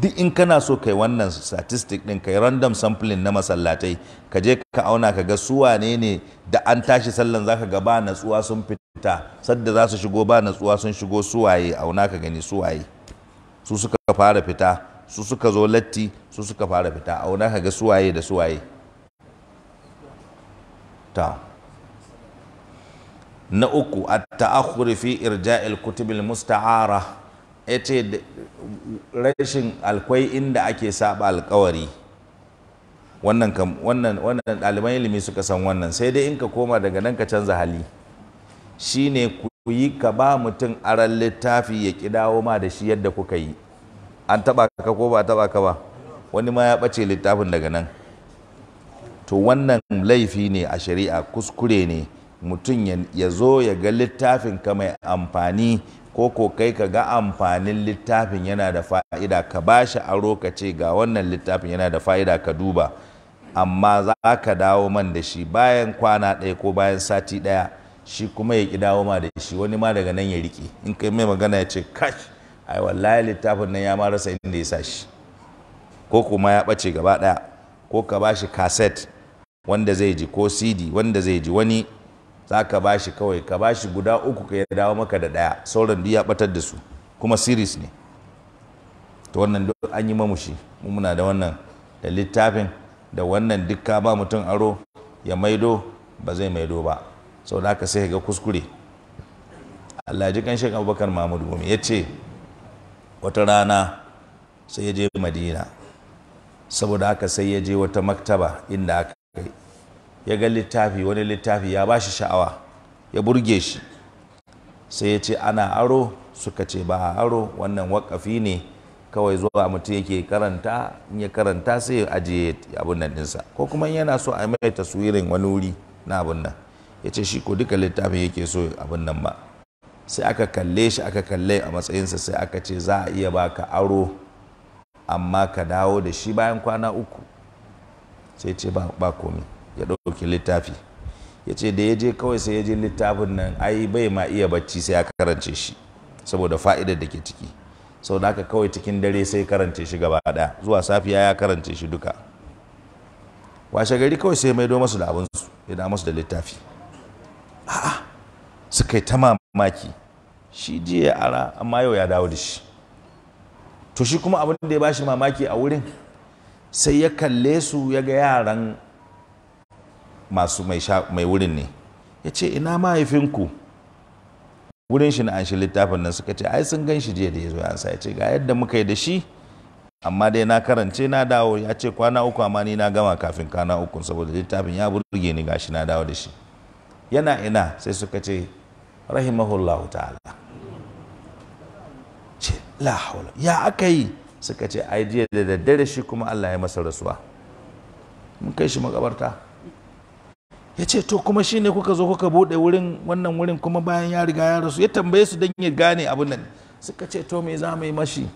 duk in kana so kai wannan statistic din kai random sampling na masallatai ka je ka auna ka ga suwa ne ne da an tashi sallan zaka ga ba natsuwa sun fita sadda za su shigo ba natsuwa sun shigo suwaye auna ka gani suwaye su suka fara fita su suka zo latti su suka fara fita auna ka ga suwaye da suwaye ta na uku a ta'akhuri fi irja'il kutubil musta'ara yace rashin alkwai inda ake saba alkawari wannan kam ɗaliban ilimi suka san wannan sai dai in ka koma daga nan ka canza hali shine ku yi ka ba mutum aran littafi ya ki dawo ma da shi yadda kuka yi an taba ka ko ba taba ka ba wani ma ya ɓace littafin daga nan to wannan laifi ne a shari'a kuskure ne mutum ya zo ya ga littafin ka mai amfani ko ko kai ka ga amfanin littafin yana da fa'ida ka ba shi aro ka ce ga wannan littafin yana da fa'ida ka duba amma za ka dawo man da shi bayan kwana ɗaya ko bayan sati ɗaya shi kuma ya ƙi dawo ma da shi wani ma daga nan ya riƙe in kai mai magana ya ce kash ai wallahi littafin nan ya ma rasa inda ya sa shi ko kuma ya ɓace gaba ɗaya ko ka ba shi kaset wanda zai ji ko cd wanda zai ji wani za ka ba shi kawai ka ba shi guda uku ka ya dawo maka da ɗaya sauran duk ya ɓatar da su kuma siris ne ta wannan duk an yi mamushi muna da wannan da littafin da wannan dukka ba mutum aro ya maido ba zai maido ba sau da aka sai ga kuskure Allah ji kan Sheikh Abubakar Mahmud Gumi ya ce wata rana sai ya je Madina saboda haka sai ya je wata maktaba inda aka ya ga littafi wani littafi ya ba shi sha'awa ya burge shi sai ya ce ana aro suka ce ba a aro wannan wakafi ne kawai zuwa mutum yake karanta in ya karanta sai ya ajiye abin nan ɗinsa ko kuma yana so a mai taswirin wani wuri na abin nan ya ce shi ko duka littafin yake so abin nan ba sai aka kalle shi aka kalle a matsayinsa sai aka ce za a iya baka aro amma ka dawo da shi bayan kwana uku sai ce ba komi ya ɗauki littafi ya ce da ya je kawai sai ya je littafin nan ai bai ma iya bacci sai ya karance shi saboda fa'idar da ke ciki sau da haka kawai cikin dare sai karance shi gaba ɗaya zuwa safiya ya karance shi duka washe gari kawai sai maido masu da abinsu ya da masu da littafi a'a suka yi ta mamaki shi jiya ara amma yau ya dawo da shi to shi kuma abin da ya bashi mamaki a wurin sai ya kalle su ya ga yaran masu mai wurin ne ya ce ina mahaifinku wurin shi na an shi littafin nan suka ce ai sun gan shi jiya da ya zo ya sa ya ce ga yadda muka yi da shi amma dai na karance na dawo ya ce kwana uku amma ni na gama kafin kwana uku saboda littafin ya burge ni gashi na dawo da shi yana ina sai suka ce rahimahullahu ta'ala ce la haula ya aka yi suka ce ai da daddare shi kuma Allah ya masa rasuwa mun kai shi makabarta ya ce to kuma ne kuka zo kuka buɗe wurin wannan wurin kuma bayan ya riga ya rasu ya tambaye su don ya gane abin nan suka ce to me za mu yi mashi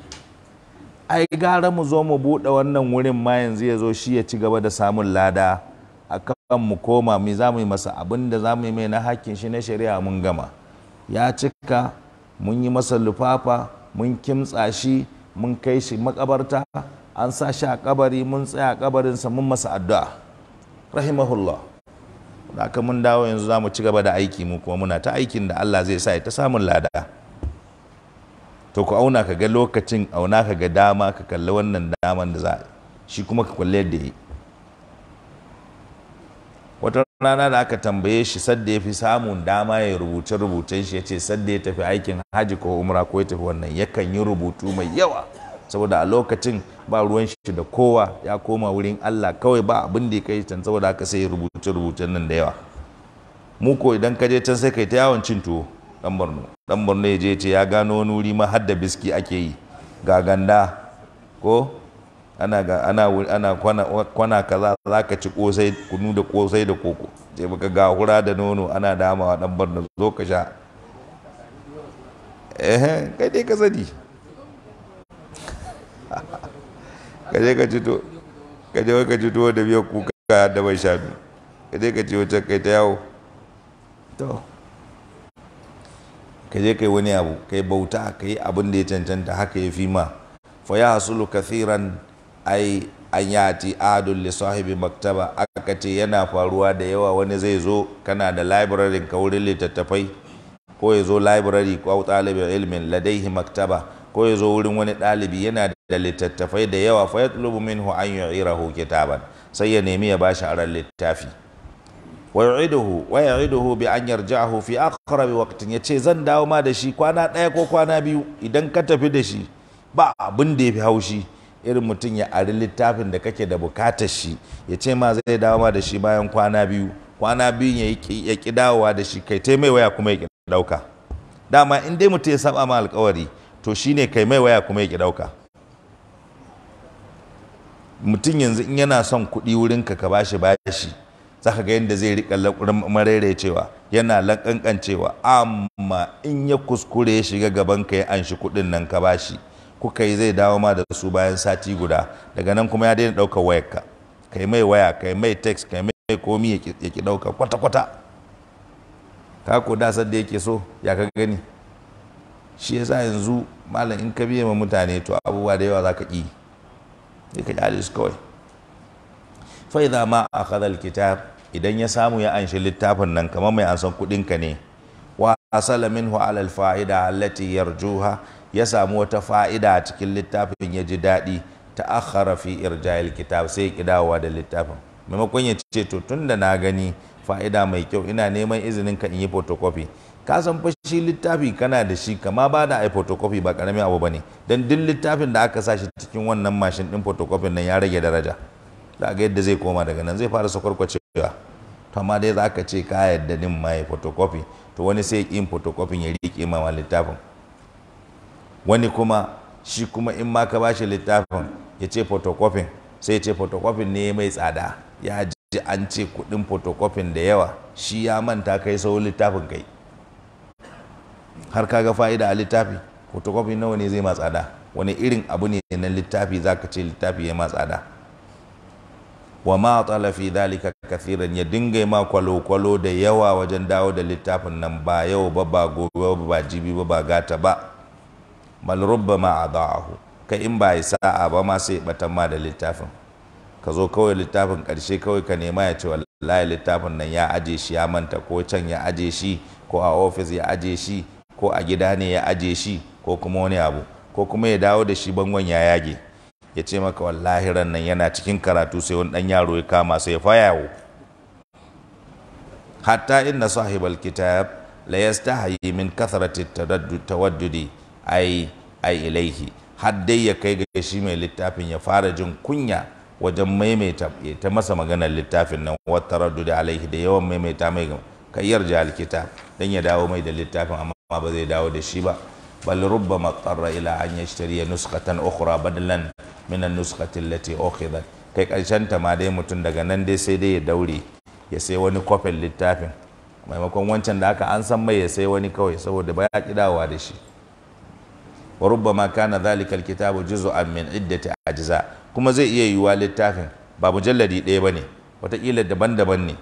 ai gara mu zo mu buɗe wannan wurin ma yanzu ya zo shi ya ci gaba da samun lada a kan mu koma me za mu yi masa abin da za mu yi mai na hakkin shi na shari'a mun gama ya cika mun yi masa lufafa mun kimtsa shi mun kai shi makabarta an sa shi a kabari mun tsaya kabarin kabarinsa mun masa addu'a rahimahullah da aka mun dawo yanzu za mu ci gaba da aiki mu kuma muna ta aikin da Allah zai sa ya ta samun lada to ku auna ka ga lokacin auna ka ga dama ka kalli wannan daman da za shi kuma ka kwalle da yi wata rana da aka tambaye shi sadda ya fi samun dama ya rubuce rubuce shi ya ce sadda ya tafi aikin hajji ko umra ko ya tafi wannan yakan yi rubutu mai yawa saboda a lokacin ba ruwan shi da kowa ya koma wurin Allah kawai ba abin da ya kai can saboda aka sai rubuce rubuce nan da yawa mu ko idan ka je can sai kai ta yawon cin tuwo dan barno dan Borno ya je ce ya gano wani wuri ma har da biski ake yi ga ganda ko ana ga ana ana kwana kwana kaza zaka ci kosai kunu da kosai da koko sai baka ga hura da nono ana damawa dan barna zo ka sha eh kai dai ka sani ka je ka ci to ka je ka ci to da biyar kuka da bai sha biyu ka je ka ci wacce kai ta yawo to ka je kai wani abu kai bauta kai abin da ya cancanta haka ya fi ma fa ya hasulu kathiran ai an ati adun li maktaba aka ce yana faruwa da yawa wani zai zo kana da library ka wurin littattafai ko ya zo library ko ɗalibin ilmin ladaihi maktaba ko ya zo wurin wani ɗalibi yana da littattafai da yawa fa yatlubu minhu an yu'irahu kitaban sai ya nemi ya bashi aran littafi wa yu'iduhu wa yu'iduhu bi an yarja'ahu fi aqrabi ya ce zan dawo ma da shi kwana ɗaya ko kwana biyu idan ka tafi da shi ba abin da ya fi haushi irin mutum ya ari littafin da kake da bukatar shi ya ce ma zai dawo ma da shi bayan kwana biyu kwana biyu ya ki dawowa da shi kai mai waya kuma ya dauka dama in dai mutum ya saba ma alkawari to shine kai mai waya kuma ya dauka mutum yanzu in yana son kuɗi wurin ka bashi bashi zaka ga yadda zai riƙa cewa yana lakankancewa amma in ya kuskure ya shiga gaban ka ya anshi kuɗin nan ka bashi kuka yi zai dawo ma da su bayan sati guda daga nan kuma ya daina ɗaukar wayarka kai mai waya kai mai text kai mai komi ya ki ɗauka kwata-kwata ka ko dasar da yake so ya ka gani shi yasa yanzu malam in ka biye ma mutane to abubuwa da yawa za ka ƙi ya ka ƙyale kawai fa idza ma akhadha alkitab idan ya samu ya anshi littafin nan kamar mai ansa kuɗin ka ne wa asala minhu fa'ida alfa'ida allati yarjuha ya samu wata fa'ida a cikin littafin ya ji daɗi ta akhara fi irjayil kitab sai ya dawowa da littafin maimakon ya ce to tun da na gani fa'ida mai kyau ina neman izinin ka in yi photocopy ka san fa shi littafi kana da shi kama ba da ai photocopy ba karamin abu ba ne don duk littafin da aka sa shi cikin wannan mashin din photocopy nan ya rage daraja za ga yadda zai koma daga nan zai fara sakwarkwacewa to amma dai za ka ce ka yadda din ma ya photocopy to wani sai ya ƙin photocopy ya riƙe ma littafin wani kuma shi kuma in ma ka bashi littafin ya ce photocopy sai ya ce photocopy ne mai tsada ya ji an ce kudin photocopy da yawa shi ya manta kai sau littafin kai har ka ga fa'ida a littafi photocopy nawa ne zai ma tsada wani irin abu ne na littafi za ka ce littafi ya ma tsada wa ma tsala fi dalika kathiran ya dinga ma kwalo-kwalo da yawa wajen dawo da littafin nan ba yau ba ba gobe ba ba jibi ba ba gata ba bal rubbama adahu kai in ba sa'a ba ma sai batan ma da littafin ka zo kawai littafin karshe kawai ka nema ya ce wallahi littafin nan ya aje shi ya manta ko can ya aje shi ko a ofis ya aje shi ko a gida ne ya aje shi ko kuma wani abu ko kuma ya dawo da shi bangon ya yage ya ce maka wallahi ran nan yana cikin karatu sai wani dan yaro ya kama sai ya fayawo hatta inna sahibal kitab la yastahi min kathrati tawaddudi ai ai ilaihi har dai ya kai ga shi mai littafin ya fara jin kunya wajen maimaita ta masa maganar littafin nan wata da alaihi da yawan maimaita mai kayyar jihar kitab dan ya dawo mai da littafin amma ba zai dawo da shi ba bal rubbama tsarra ila an yashtariya nuskatan ukhra badalan min an-nuskati allati ukhidat kai karshen ta ma dai mutum daga nan dai sai dai ya daure ya sai wani kofin littafin maimakon wancan da aka an san mai ya sai wani kawai saboda ba ya kidawa da shi wa rubbama kana dhalika alkitabu juz'an min iddati ajza kuma zai iya yiwuwa littafin ba mujalladi ɗaya bane wataƙila daban-daban ne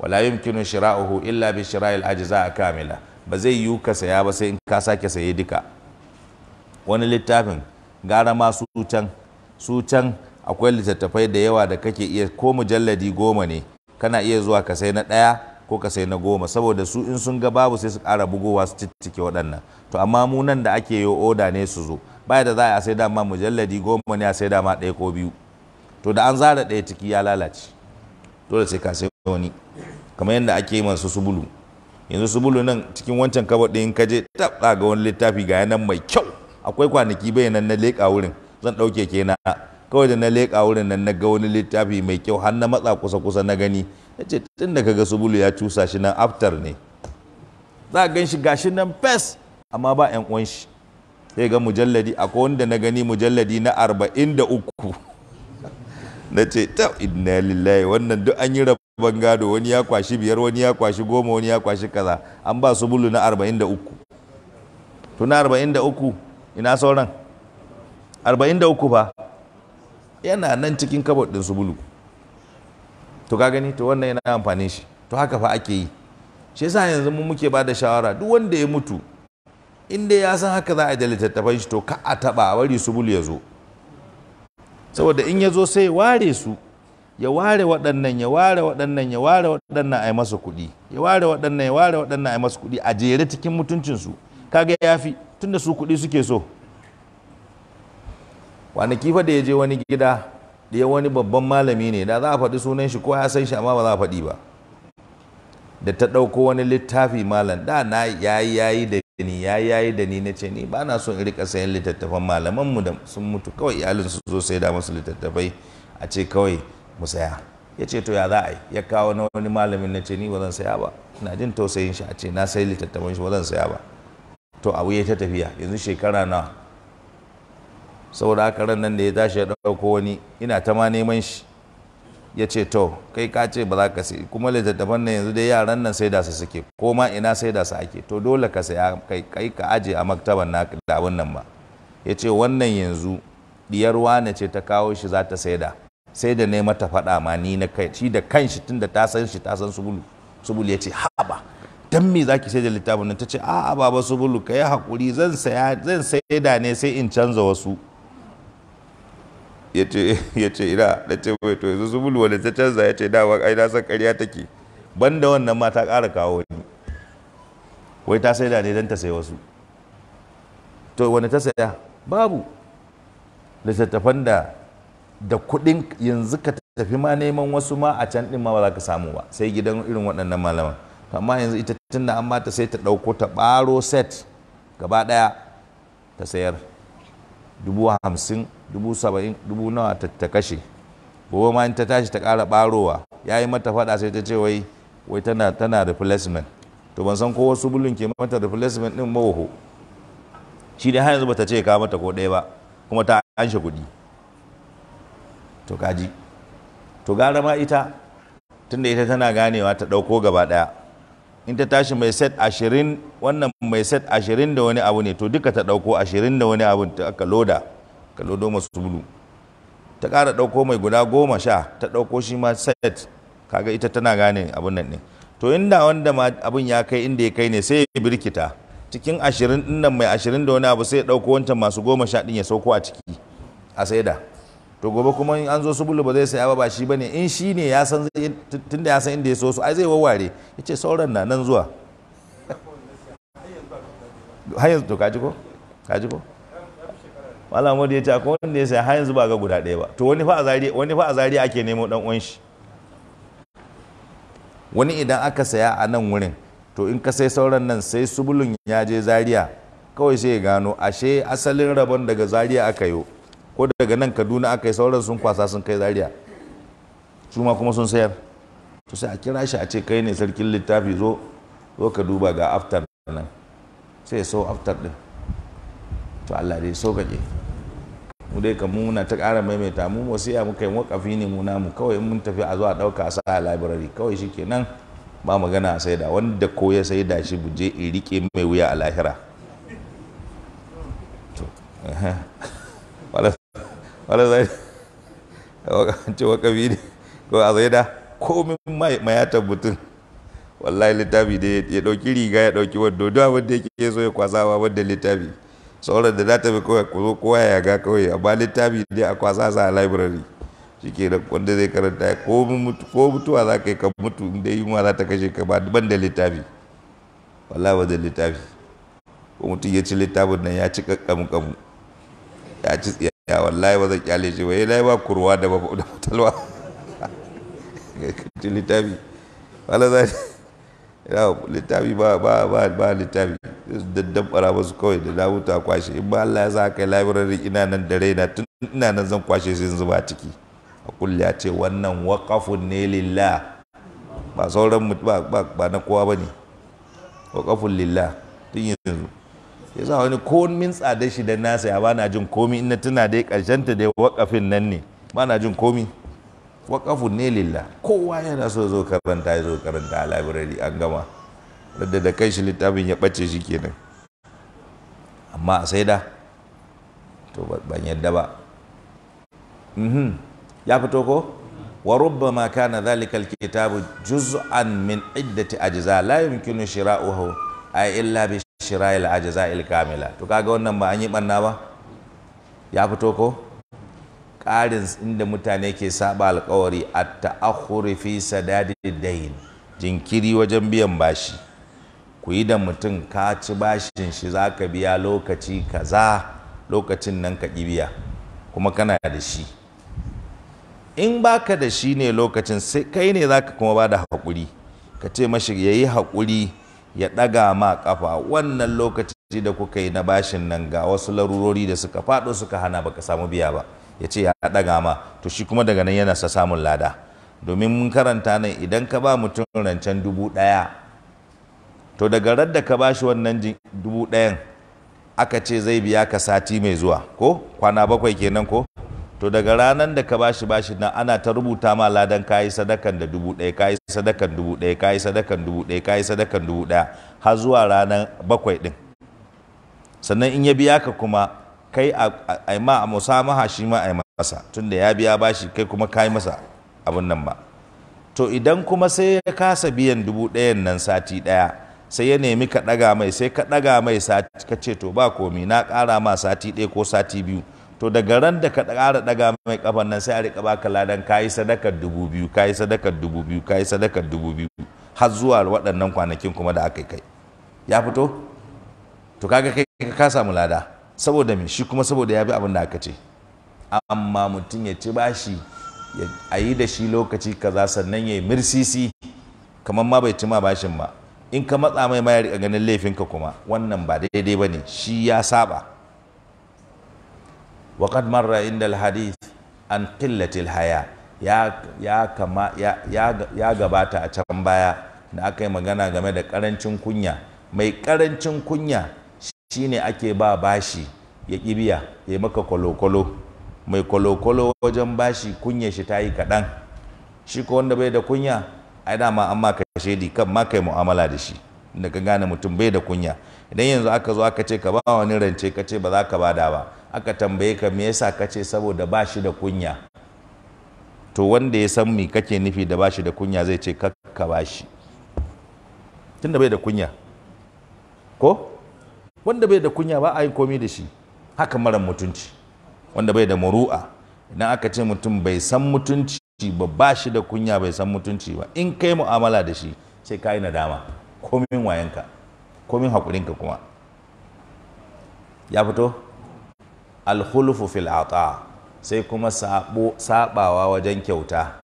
wala yumkinu shira'uhu illa bi shira'il ajza kamila ba zai yiwu ka saya ba sai in ka sake saye duka wani littafin gara ma su can su can akwai littattafai da yawa da kake iya ko mujalladi goma ne kana iya zuwa ka sai na ɗaya ko ka sai na goma saboda su in sun ga babu sai su ƙara bugowa su ciccike waɗannan to amma mu da ake yi oda ne su zo baya da za a sai dama mujalladi goma ne a sai dama ɗaya ko biyu to da an zara ɗaya ciki ya lalace dole sai ka sai wani kamar yadda ake yi masu subulu yanzu subulu nan cikin wancan kabar ɗin ka je taɓa ga wani littafi ga yanan mai kyau akwai kwanaki nan na leƙa wurin zan ɗauke na kawai da na leƙa wurin nan na ga wani littafi mai kyau har na matsa kusa kusa na gani na ce tun da ka ga subulu ya cusa shi nan aftar ne za a gan shi gashi nan fes amma ba yan uwan shi sai ga mujalladi akwai wanda na gani mujalladi na arba'in da uku na ce ta inna lillahi wannan duk an yi rabban gado wani ya kwashi biyar wani ya kwashi goma wani ya kwashi kaza an ba su bulu na arba'in da uku to na arba'in da uku ina sauran arba'in da uku ba yana nan cikin kabar ɗin su bulu to ka gani to wannan yana amfani shi to haka fa ake yi shi yasa yanzu mu muke ba da shawara duk wanda ya mutu inda ya san haka za a da littattafan shi to ka a taɓa wari su bul ya zo saboda in ya zo sai ware su ya ware waɗannan ya ware waɗannan ya ware waɗannan a yi masa kuɗi ya ware waɗannan ya ware waɗannan a yi masa kuɗi a jere cikin mutuncinsu kaga ya fi tunda su kuɗi suke so Wani kifa da ya je wani gida da ya wani babban malami ne da za a faɗi sunan shi ko ya san shi amma ba za a faɗi ba da ta ɗauko wani littafi malam da na yayi yayi da ni ya yayi da ni na ce ni ba na so in rika sayan littattafan malaman mu da sun mutu kawai iyalin su zo sai da musu littattafai a ce kawai mu saya ya ce to ya za a yi ya kawo na wani malamin na ce ni ba zan saya ba na jin tausayin shi a ce na sai littattafan shi ba zan saya ba to abu ya ta tafiya yanzu shekara na saboda haka ran nan da ya tashi ya ɗauko wani ina ta ma neman shi ya ce to kai ka ce ba za ka sai kuma littattafan nan yanzu dai yaran nan sai da su suke ko ma ina sai da su ake to dole ka saya kai kai ka aje a maktaban na da abin nan ba ya ce wannan yanzu diyar wane ce ta kawo shi za ta saida sai da ne mata faɗa ma ni na kai shi da kanshi tun da ta san shi ta san subulu subulu ya ce haba dan me zaki sai da littafin nan ta ce a'a baba subulu kai hakuri zan saya zan da ne sai in canza wasu ya ce ina da ce wai to yanzu zubul wani ta canza ya ce dawa ai na san ƙarya take ban da wannan ma ta ƙara kawo ni wai ta saida ne don ta sai wasu to wani ta saya babu littattafan da da kuɗin yanzu ka tafi ma neman wasu ma a can ɗin ma ba za ka samu ba sai gidan irin waɗannan malaman amma yanzu ita tun da an mata sai ta ɗauko ta ɓaro set gaba ɗaya ta sayar dubu hamsin dubu saba'in dubu nawa ta kashe gobe ma in ta tashi ta ƙara ɓarowa ya yi mata faɗa sai ta ce wai wai tana tana replacement to ban san ko wasu bulun ke mata replacement ɗin mawaho shi dai har yanzu bata ce ka mata ko ɗaya ba kuma ta an shi kuɗi to kaji to gara ma ita tunda ita tana ganewa ta ɗauko gaba ɗaya in ta tashi mai set ashirin wannan mai set ashirin da wani abu ne to duka ta ɗauko ashirin da wani abu ta aka loda ka lodo masu bulu ta ƙara ɗauko mai guda goma sha ta ɗauko shi ma set kaga ita tana gane abin nan ne to inda wanda ma abin ya kai inda ya kai ne sai ya birkita cikin ashirin ɗin nan mai ashirin da wani abu sai ya ɗauko wancan masu goma sha ɗin ya sauko a ciki a saida to gobe kuma in an zo su bulu ba zai saya ba ba shi bane in shi ne ya san tunda ya san inda ya so su ai zai wawware yace sauran na nan zuwa har yanzu to kaji ko kaji ko malam da ya ce akwai wanda ya sai har yanzu ba ga guda ɗaya ba to wani fa a zari wani ake nemo dan uwan shi wani idan aka saya a nan wurin to in ka sai sauran nan sai subulun ya je zariya kawai sai ya gano ashe asalin rabon daga zaria aka yi ko daga nan kaduna aka yi sauran sun kwasa sun kai zaria su ma kuma sun sayar to sai a kira shi a ce kai ne sarkin littafi zo zo ka duba ga aftar nan sai ya sau aftar din to allah dai sauƙaƙe mu dai kan muna ta ƙara maimaita mu wasu ya muka yi wakafi ne mu namu kawai mun tafi a zuwa ɗauka a sa a labirari kawai shi kenan ba magana a saida wanda ko ya saida shi buje in riƙe mai wuya a lahira wala zai ce wakafi ne ko a saida komin mayatar mutum wallahi littafi da ya ɗauki riga ya ɗauki wando duk abin da yake so ya kwasawa wadda littafi sauran da za ta fi kawai ku zo kowa ya ga kawai amma littafi dai a kwasa sa a library shi ke da wanda zai karanta ko mutuwa za ka yi ka mutu inda yi ma za ta kashe ka ba ban da littafi wala ba da littafi ko mutum ya ci littafin nan ya ci kakkamu ya ci tsiyaya wallahi ba zan kyale shi ba yi ba kurwa da ba da talwa ci littafi wala za ya littafi ba ba ba ba littafi ba su kawai da na huta kwashe in ba Allah ya sa kai library ina nan da raina tun ina nan zan kwashe sai yanzu ba ciki a ya ce wannan waqafun ne lillah ba sauran ba ba na kowa bane waqafun lillah tun yanzu yasa wani ko min tsada shi da nasa ya bana jin komi in na tuna dai karshen ta dai waqafin nan ne bana jin komi waƙafun ne lilla kowa yana so zo karanta ya zo karanta a labirari an gama da da kai shi littafin ya ɓace shi kenan amma a sai da to ban yadda ba mhm. ya fito ko wa rubbama kana dhalika alkitabu juz'an min iddati ajza la yumkinu shira'uhu ay illa bi shira'il ajza al ilkamila. to kaga wannan ba an yi banna ba ya fito ko ƙarin inda mutane ke saba alkawari a ta'akhuri fi sadadi dain jinkiri wajen biyan bashi ku yi da mutum ka ci bashin shi za ka biya lokaci kaza lokacin nan ka biya kuma kana da shi in baka da shi ne lokacin sai kai ne za ka kuma ba da haƙuri ka ce mashi ya yi haƙuri ya ɗaga ma ƙafa wannan lokaci da kuka yi na bashin nan ga wasu larurori da suka faɗo suka hana baka samu biya ba ya ce ya ɗaga ma to shi kuma daga nan yana sa samun lada domin mun karanta nan idan ka ba mutum rancen dubu ɗaya to daga radda ka ba shi wannan dubu ɗayan aka ce zai biya ka sati mai zuwa ko kwana bakwai kenan ko to daga ranar da ka bashi bashi nan ana ta rubuta ma ladan kayi sadakan da dubu ɗaya kayi sadakan dubu ɗaya kayi sadakan dubu ɗaya kayi sadakan dubu ɗaya har zuwa ranar bakwai ɗin sannan in ya biya ka kuma kai a ma a musamaha shi ma a masa tunda ya biya bashi kai kuma kai masa abin nan ba to idan kuma sai ya kasa biyan dubu ɗayan nan sati ɗaya sai ya nemi ka ɗaga mai sai ka ɗaga mai sati ka ce to ba komi na ƙara ma sati ɗaya ko sati biyu to daga ran da ka ƙara ɗaga mai kafan nan sai a riƙa baka ladan ka yi sadakar dubu biyu ka yi sadakar dubu biyu ka yi sadakar dubu biyu har zuwa waɗannan kwanakin kuma da aka kai ya fito to kaga kai ka samu lada saboda me shi kuma saboda ya bi abin da aka ce amma mutum ya ci bashi a yi da shi lokaci kaza sannan ya yi mirsisi kamar ma bai ci ma bashin ba in ka matsa mai ma ya riƙa ganin laifinka kuma wannan ba daidai ba ne shi ya saba وقد marra inda الحديث an قلة الحياة ya ya gabata a can baya da aka yi magana game da karancin kunya mai karancin kunya shi ne ake ba bashi ya kibiya ya maka kwalokwalo mai kwalokwalo wajen bashi kunya shi ta yi kaɗan shi ko wanda bai da kunya ai dama an maka di kan ma kai mu'amala da shi inda ka gane mutum bai da kunya idan yanzu aka zo aka ce ka ba wani rance ka ce ba za ka bada ba aka tambaye ka me yasa ka ce saboda ba shi da kunya to wanda ya san me kake nufi da ba shi da kunya zai ce ka ba shi tunda bai da kunya ko wanda bai da kunya ba a yi komi da shi haka mara mutunci wanda bai da muru'a idan aka ce mutum bai san mutunci ba ba shi da kunya bai san mutunci ba in kai mu'amala da shi sai ka yi nadama komin wayanka komin haƙurinka kuma ya fito alhulufu fil ata sai kuma sabawa wajen kyauta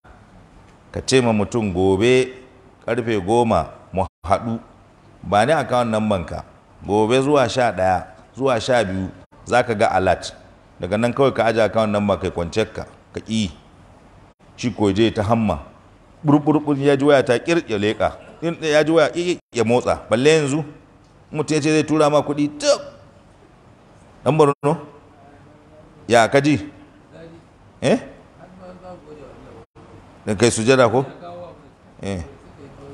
ka ce ma mutum gobe karfe goma mu haɗu ba a akawun nan banka gobe zuwa sha ɗaya zuwa sha biyu za ka ga alat daga nan kawai ka aje akawun nan ma kai kwance ka ka ƙi shi ko je ta hamma burburbur ya ji waya ta ƙir ya leƙa ya ji waya ya motsa balle yanzu mutum ya ce zai tura ma kuɗi tuk ɗan barno ya ka eh da kai sujada ko eh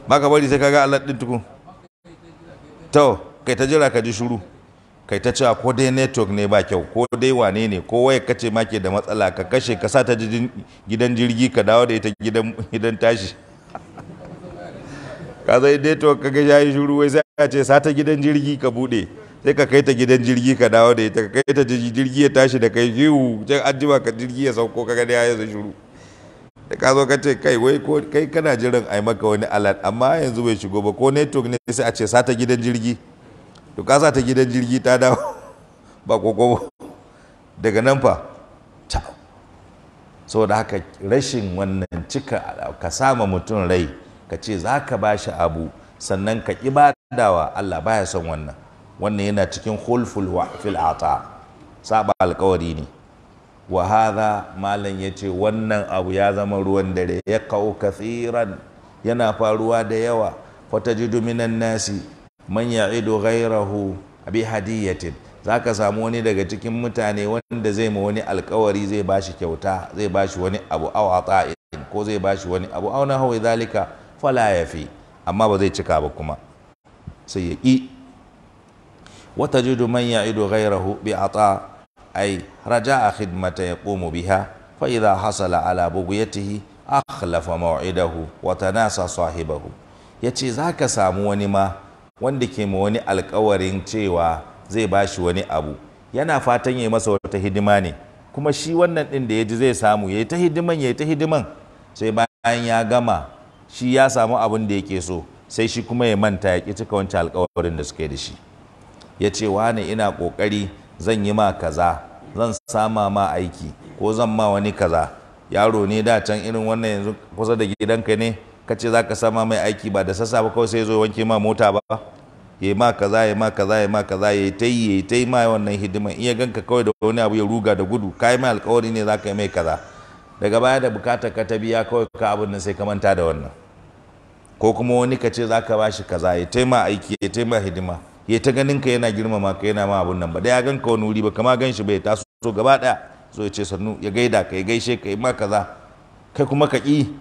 ka bari sai ka ga alat ɗin tukun to kai ta jira ka ji shuru kai ta cewa ko dai network ne ba kyau ko dai wane ne ko waya kace ma ke da matsala ka kashe ka sa ta gidan jirgi ka dawo da ita gidan gidan tashi ka zai network ka ga yayi shuru wai sai ka ce sa ta gidan jirgi ka bude sai ka kai ta gidan jirgi ka dawo da ita ka kai ta jirgi ya tashi da kai yiwu can an jima ka jirgi ya sauko ka ga ya zai shuru da ka zo ka ce kai wai ko kai kana jiran ai maka wani alat amma yanzu bai shigo ba ko network ne sai a ce sata gidan jirgi to ka ta gidan jirgi ta dawo ba kokobo daga nan fa saboda haka rashin wannan cika ka sama mutum rai ka ce za ka ba shi abu sannan ka ƙi dawa Allah baya son wannan wannan yana cikin hulful fil ata saba alkawari ne wa hadha malam yace wannan abu ya zama ruwan dare ya kawo kathiran yana faruwa da yawa fatajidu minan nasi man ya'idu ghairahu bi hadiyatin zaka samu wani daga cikin mutane wanda zai ma wani alkawari zai bashi kyauta zai bashi wani abu aw ata'in ko zai bashi wani abu aw nahu zalika fala yafi amma ba zai cika ba kuma sai ya ki wata judu man ya'idu ghairahu bi ata ay raja'a khidmata yaqumu biha fa idha hasala ala bughyatihi akhlafa maw'idahu wa tanasa sahibahu yace zaka samu wani ma wanda ke ma wani alkawarin cewa zai ba shi wani abu yana fatan ya yi masa wata hidima ne kuma shi wannan ɗin da ya ji zai samu ya yi ta hidiman ya yi ta hidiman sai bayan ya gama shi ya samu abin da yake so sai shi kuma ya manta ya ƙi cika wancan alkawarin da suke da shi ya ce ne ina ƙoƙari zan yi ma kaza zan sama ma aiki ko zan ma wani kaza yaro ne da can irin wannan yanzu kusa da gidanka ne ka ce za ka sama mai aiki ba da sassafe kawai sai zo wanke ma mota ba ya ma kaza ya ma kaza ya ma kaza ya ta yi ya ta yi ma wannan hidiman in ya ganka kawai da wani abu ya ruga da gudu ka yi mai alkawari ne za ka yi mai kaza daga baya da bukatar ka ta biya kawai ka abin nan sai ka manta da wannan ko kuma wani ka ce za ka ba shi kaza ya ta yi ma aiki ya ta yi ma hidima ya ta ganin ka yana girmama ka yana ma abun nan ba da ya ganka wani wuri ba kama gan shi bai taso gaba daya so ya ce sannu ya gaida ka ya gaishe ka ya ma kaza kai kuma ka ƙi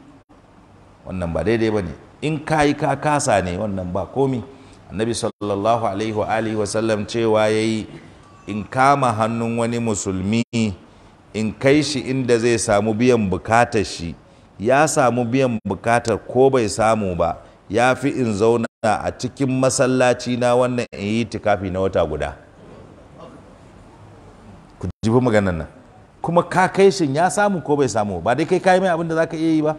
wannan ba daidai ba ne in ka yi ka kasa ne wannan ba komi annabi sallallahu alaihi wa alihi wasallam cewa ya yi in kama hannun wani musulmi in kai shi inda zai samu biyan bukatar shi ya samu biyan bukatar ko bai samu ba ya fi in zauna a cikin masallaci na wannan in yi tikafi na wata guda ku maganan nan kuma ka kai shi ya samu ko bai samu ba dai kai yi mai abin da za ka iya yi ba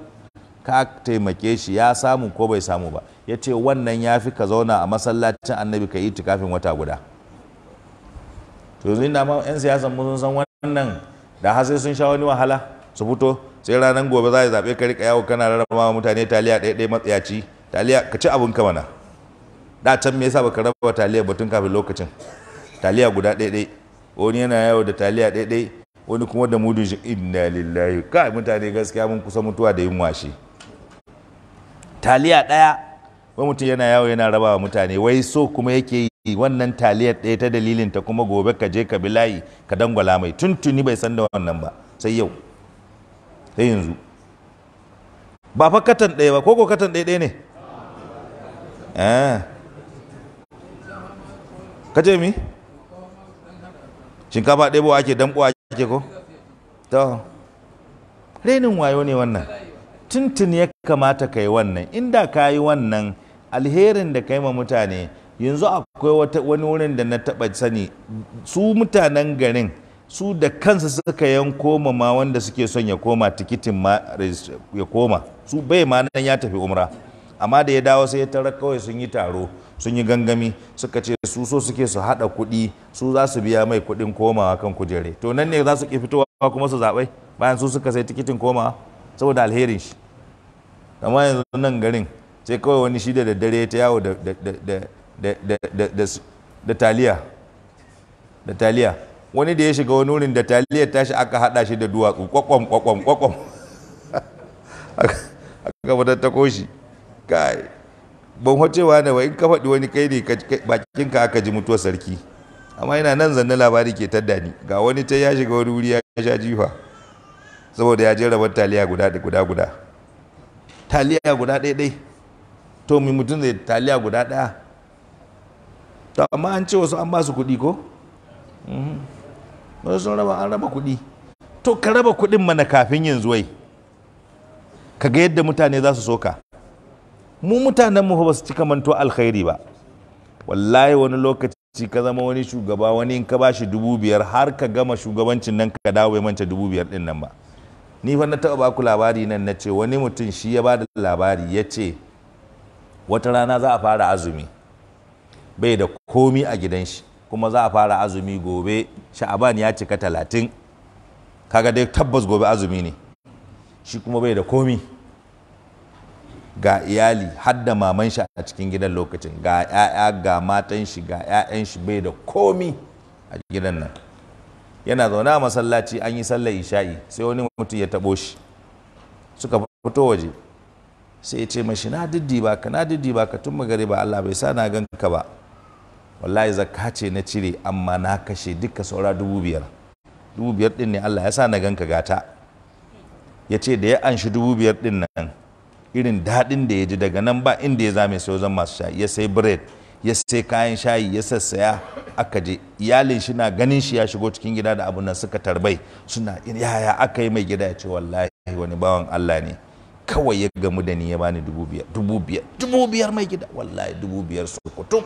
ka taimake shi ya samu ko bai samu ba ya ce wannan ya fi ka zauna a masallacin annabi ka yi kafin wata guda to yanzu ina ma 'yan siyasan mu san wannan da har sun sha wani wahala su fito sai ranar gobe za a zaɓe ka rika yawo kana rarraba mutane taliya ɗaya ɗaya matsayaci taliya ka ci abin ka mana da can me yasa baka raba taliya batun kafin lokacin taliya guda ɗaya ɗaya wani yana yawo da taliya ɗaya ɗaya wani kuma da mudun shi inna lillahi kai mutane gaskiya mun kusa mutuwa da yin washe taliya ɗaya wai mutum yana yawo yana raba wa mutane wai so kuma yake yi wannan taliyar ɗaya ta dalilin ta kuma gobe ka je ka bi layi ka dangwala mai tuntuni bai san da wannan ba sai yau sai yanzu ba fa katan ɗaya ba koko katan ɗaya ɗaya ne eh. ka ce mi shinkafa ɗaya ba ake damɓuwa ake ko to renin wayo ne wannan tuntun ya kamata ka yi wannan inda ka yi wannan alherin da ka yi ma mutane yanzu akwai wani wurin da na taɓa sani su mutanen garin su da kansa suka yanko ma ma wanda suke son ya koma tikitin ma ya koma su bai ma nan ya tafi umra amma da ya dawo sai ya tarar kawai sun yi taro sun yi gangami suka ce su so suke su haɗa kuɗi su za su biya mai kuɗin komawa kan kujere to nan ne za su ki fitowa kuma su zaɓai bayan su suka sai tikitin komawa saboda alherin shi amma yanzu nan garin sai kawai wani shi da daddare ta yawo da taliya da taliya wani da ya shiga wani wurin da taliya tashi aka hada shi da duwatsu kwakwam kwakwam kwakwam aka fatattako shi kai ban hocewa ne ba in ka faɗi wani kai ne bakin ka aka ji mutuwar sarki amma yana nan zanne labari ke tadda ni ga wani ta ya shiga wani wuri ya sha jifa saboda ya je rabar taliya guda guda guda taliya guda ɗaya ɗai to mai mutum zai taliya guda ɗaya to amma an ce wasu an ba su kuɗi ko mm-hmm. wasu sun raba an raba kuɗi to ka raba kuɗin mana kafin yanzu wai ka ga yadda mutane za su soka mu mutanen mu ba su cika manto alkhairi ba wallahi wani lokaci ka zama wani shugaba wani in ka ba shi dubu biyar har ka gama shugabancin nan ka dawo bai manta dubu biyar din nan ba ni fa na taɓa baku labari nan na ce wani mutum shi ya ba da labari ya ce wata rana za a fara azumi bai da komi a gidan shi kuma za a fara azumi gobe sha'aban ya cika talatin kaga dai tabbas gobe azumi ne shi kuma bai da komi ga iyali har da maman shi a cikin gidan lokacin ga 'ya'ya ga matan shi ga 'ya'yan shi bai da komi a gidan nan yana zaune a masallaci an yi sallar isha'i sai wani mutum ya tabo shi suka fito waje sai ya ce mashi na ba ka na ba ka tun magare ba Allah bai sa na ganka ba wallahi zakka ce na cire amma na kashe duka saura dubu biyar dubu biyar din ne Allah ya sa na ganka gata ya ce da ya anshi dubu biyar din nan irin daɗin da ya ji daga nan ba inda ya zame sai zan masu sha ya sai bread ya sai kayan shayi ya sassaya aka je iyalin shi na ganin shi ya shigo cikin gida da abun nan suka tarbai suna yaya aka yi mai gida ya ce wallahi wani bawan Allah ne kawai ya gamu da ni ya bani dubu biyar dubu biyar dubu biyar mai gida wallahi dubu biyar su kutum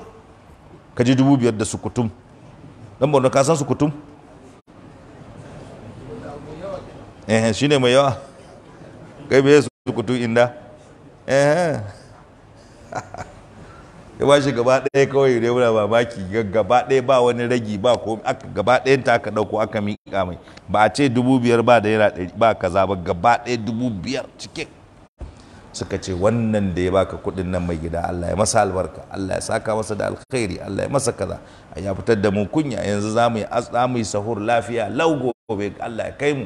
ka ji dubu biyar da su kutum dan borno ka san su kutum eh shi ne mai yawa kai bai su kutum inda eh ya ba shi gaba ɗaya kawai da muna mamaki gaba ɗaya ba wani ragi ba ko gaba ɗaya ta aka ɗauko aka miƙa mai ba a ce dubu biyar ba yana ɗari ba kaza ba gaba ɗaya dubu biyar cike suka ce wannan da ya baka kuɗin nan mai gida Allah ya masa albarka Allah ya saka masa da alkhairi Allah ya masa kaza a ya fitar da mu kunya yanzu za mu yi mu yi sahur lafiya lau gobe Allah ya kai mu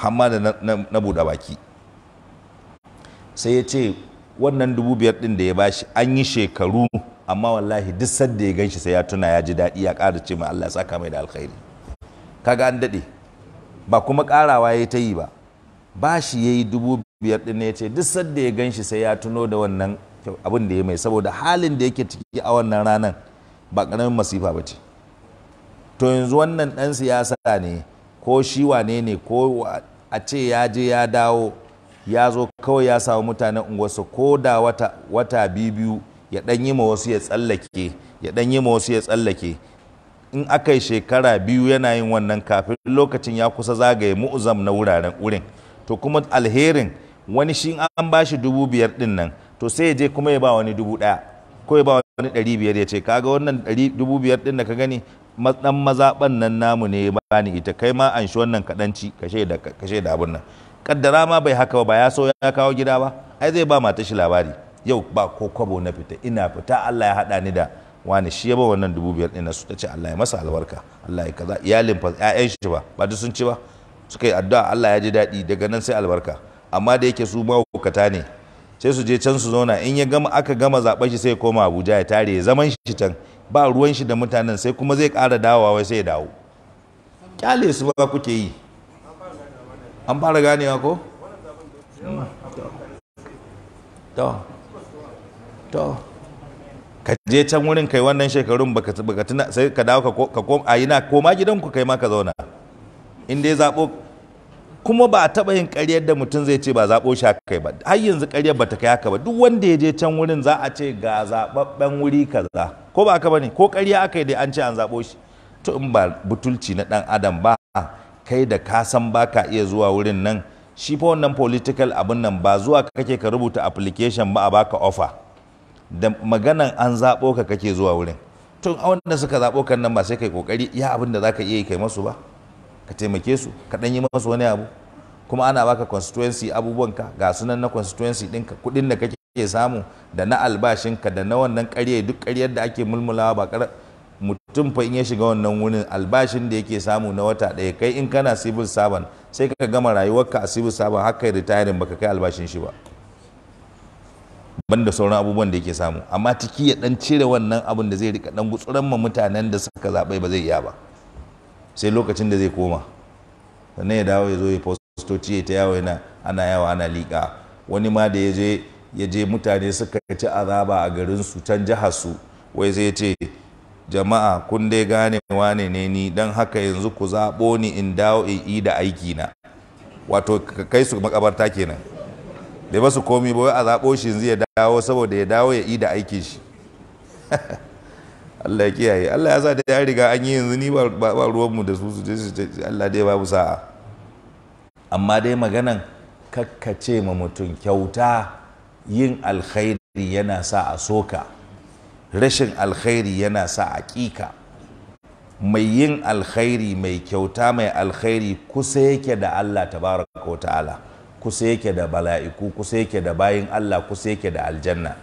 hamma da na buɗe baki sai ya ce wannan dubu biyar ɗin da ya bashi an yi shekaru amma wallahi duk sadda ya ganshi sai ya tuna ya ji daɗi ya ƙara ce ma Allah saka mai da alkhairi kaga an daɗe ba kuma ƙarawa ya ta yi ba Ba shi ya yi dubu biyar ɗin ya ce duk sadda ya ganshi sai ya tuno da wannan abin da ya mai saboda halin da yake ciki a wannan ranar ba ƙaramin masifa ba ce to yanzu wannan ɗan siyasa ne ko shi wane ne ko a ce ya je ya dawo ya zo kawai ya samu mutanen unguwarsa ko da wata, wata biyu ya ɗan yi ma wasu ya tsallake ya dan yi ma wasu ya tsallake in aka yi shekara biyu yana yin wannan kafin lokacin ya kusa zagaye mu'uzam na wuraren wurin to kuma alherin wani shi an ba shi dubu biyar din nan to sai ya je kuma ya ba wani dubu ɗaya ko ya ba wani ɗari biyar ya ce kaga wannan dubu biyar ɗin da ka gani ɗan mazaɓan nan namu ne ya bani ita kai ma an shi wannan kaɗanci kashe da abin nan kaddara ma bai haka ba ya so ya kawo gida ba ai zai ba mata shi labari yau ba ko kwabo na fita ina fita Allah ya hada ni da wani shi ya ba wannan dubu biyar ɗin su tace Allah ya masa albarka Allah ya kaza iyalin fa ƴaƴan shi ba ba duk sun ci ba suka yi addu'a Allah ya ji daɗi daga nan sai albarka amma da yake su mahaukata ne sai su je can su zauna in ya gama aka gama zaɓen shi sai koma Abuja ya tare ya zaman shi can ba ruwan shi da mutanen sai kuma zai ƙara dawowa sai ya dawo kyale su ba kuke yi an fara ganewa ko? to to ka je can wurin kai wannan shekarun baka tuna sai ka dawo ka koma a ina koma gidanku kai ma ka zauna inda ya zaɓo kuma ba a taɓa yin ƙaryar da mutum zai ce ba zaɓo shi haka kai ba har yanzu ƙaryar ba ta kai haka ba duk wanda ya je can wurin za a ce ga zaɓaɓɓen wuri kaza ko ba haka ne ko ƙarya aka yi dai an ce an zaɓo shi to in ba butulci na dan adam ba kai da ka san baka iya zuwa wurin nan shi fa wannan political abin nan ba zuwa kake ka rubuta application ba a baka offer da maganan an zabo ka kake zuwa wurin tun a wanda suka zabo kan nan ba sai kai kokari ya abin da zaka iya yi kai masu ba ka taimake su ka dan yi masu wani abu kuma ana baka constituency abubuwanka ga sunan na constituency ka kuɗin da kake samu da na albashinka da na wannan ƙarya duk ƙaryar da ake mulmulawa ba tun fa in ya shiga wannan wurin albashin da yake samu na wata ɗaya kai in kana civil servant sai ka gama rayuwarka a civil servant har kai retiring baka kai albashin shi ba banda sauran abubuwan da yake samu amma ciki ya dan cire wannan abun da zai rika dan gutsuran ma mutanen da suka zaba ba zai iya ba sai lokacin da zai koma sannan ya dawo ya zo ya fostoci ya ta yawo yana ana yawa ana liƙa wani ma da ya je ya je mutane suka ci azaba a garin su can jihar su wai sai ya ce jama'a kun dai gane wane ne ni don haka yanzu ku zaɓo ni in dawo in yi da aiki na wato kai su makabarta kenan bai ba su komi ba a zaɓo shi yanzu ya dawo saboda ya dawo ya yi da aikin shi Allah ya kiyaye Allah ya sa da ya riga an yi yanzu ni ba ruwanmu da su su Allah dai babu sa'a amma dai maganan kakkace ma mutum kyauta yin alkhairi yana sa a soka rashin alkhairi yana sa aƙiƙa mai yin alkhairi mai kyauta mai alkhairi kusa yake da Allah tabaraka wa ta'ala kusa yake da bala'iku kusa yake da bayin Allah kusa yake da aljanna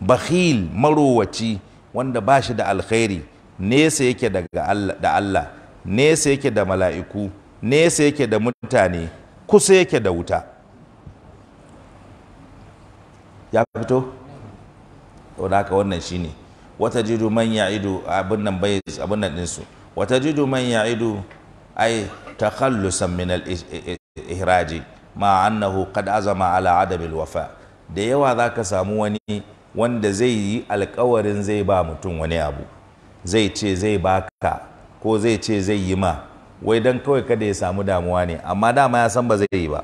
bakhil marowaci wanda ba shi da alkhairi nesa yake da Allah nesa yake da mala'iku nesa yake da mutane kusa yake da wuta ya fito saboda haka wannan shi ne wata jidu man ya'idu abin nan bai abin nan din su wata jidu man ya'idu ay ta min al-ihraji eh, eh, eh, ma annahu kad azama ala adabil wafa da yawa za ka samu wani wanda zai yi alkawarin zai ba mutum wani abu zai ce zai ba ka ko zai ce zai yi ma wai dan kawai kada ya samu damuwa ne amma dama ya san ba zai yi ba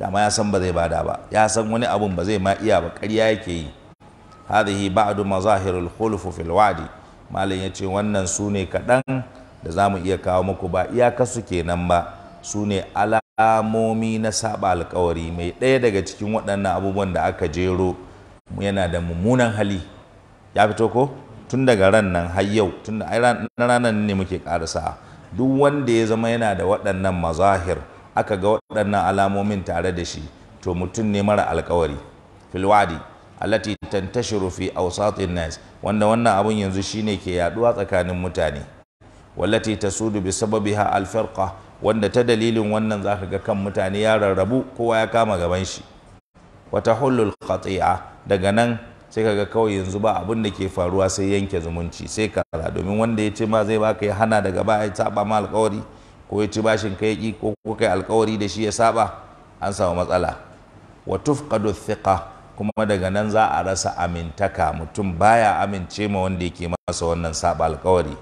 dama ya san ba zai bada ba ya san wani abun ba zai ma iya ba ƙarya yake yi hadhihi ba'du mazahirul khuluf fil wadi malam yace wannan su ne kaɗan da za mu iya kawo muku ba iyakasu kenan ba su ne alamomi na saba alkawari mai ɗaya daga cikin waɗannan abubuwan da aka jero yana da mummunan hali ya fito ko tun daga ran nan har yau tun da ranar ne muke karasa duk wanda ya zama yana da waɗannan mazahir aka ga waɗannan alamomin tare da shi to mutum ne mara alkawari filwadi allati tantashiru fi awsatin nas wanda wannan abun yanzu shine ke yaduwa tsakanin mutane wallati tasudu bi sababiha alfarka wanda ta dalilin wannan zaka ga kan mutane ya rarrabu kowa ya kama gaban shi wata hulul khati'a daga nan sai kaga kawai yanzu ba abun da ke faruwa sai yanke zumunci sai kaza domin wanda ya ce ma zai baka ya hana daga baya ya saba ma alkawari ko ya ci bashin kai ko kai alkawari da shi ya saba an samu matsala wa tufqadu thiqa kuma daga nan za a rasa amintaka mutum baya amince ma wanda yake masa wannan saba alkawari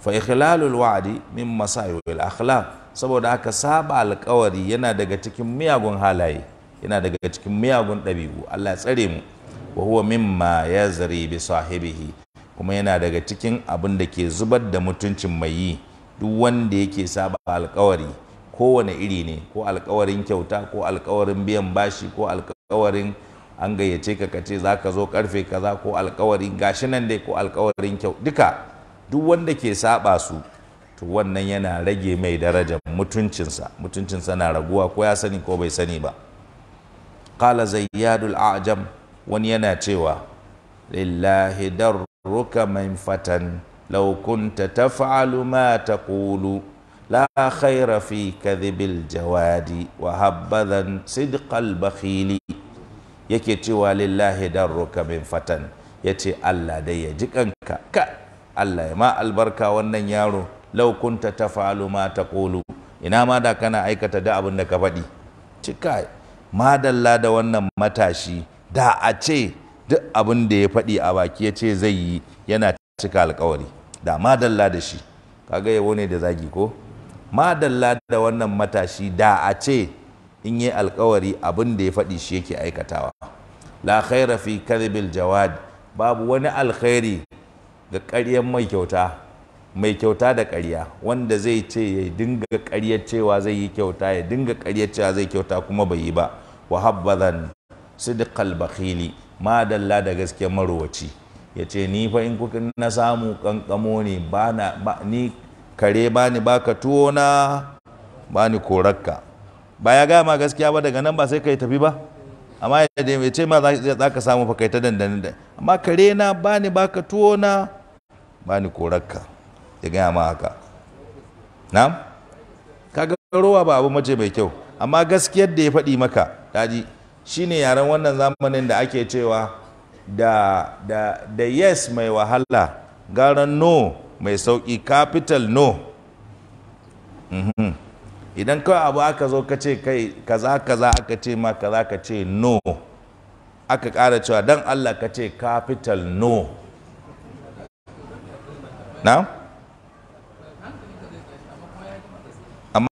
fa ikhlalul wa'di min masayil akhlaq saboda haka saba alkawari yana daga cikin miyagun halaye yana daga cikin miyagun ɗabi'u Allah ya tsare mu wa huwa mimma yazri bi sahibihi kuma yana daga cikin abin da ke zubar da mutuncin mai yi duk wanda yake saba alkawari kowane iri ne ko alkawarin kyauta ko alkawarin biyan bashi ko alkawarin an gayyace ka kace za ka zo karfe kaza ko alkawarin gashi nan dai ko alkawarin kyau duka duk wanda ke saba su to wannan yana rage mai daraja mutuncinsa mutuncinsa na raguwa ko ya sani ko bai sani ba Kala zayyadul a'jam wani yana cewa lillahi darruka man fatan law kunta taf'alu ma taqulu la khaira fi jawadi wa habbadan bafili yake cewa lillahi roka min fatan yace Allah dai ya ji kanka ka Allah ya ma albarka wannan yaro laukunta kunta taf'alu ma kulu ina ma da kana aikata da abin da ka faɗi cika madalla da wannan matashi da a ce duk abin da ya faɗi a baki ya ce zai yi yana cika alkawari da madalla da shi kaga yabo ne da zagi ko madalla da wannan matashi da a ce in yi alkawari abin da ya faɗi shi yake aikatawa la khaira fi kadhibil jawad babu wani alkhairi ga ƙaryar mai kyauta mai kyauta da ƙarya wanda zai ce ya dinga ƙaryar cewa zai yi kyauta ya dinga ƙaryar cewa zai kyauta kuma bai yi ba wa sidikal sidqal bakhili madalla da gaskiyar marwaci ya ce ni fa in kuka na samu kankamo ne ba ni kare bani baka tuwo na bani korakka ba ya gama gaskiya ba daga nan ba sai ka yi tafi ba amma ya da mai ce ma za ka samu fa kai ta dandane da amma kare na bani baka tuwo na bani korakka ya gaya ma haka na ga rowa ba abu mace mai kyau amma gaskiyar da ya faɗi maka daji shine yaren wannan zamanin da ake cewa da da da yes mai wahala gara no mai sauki capital no mhm. idan kawai abu aka zo ka ce kai kaza kaza aka ce ma kaza ka ce no aka ƙara cewa don Allah ka ce capital no na? amma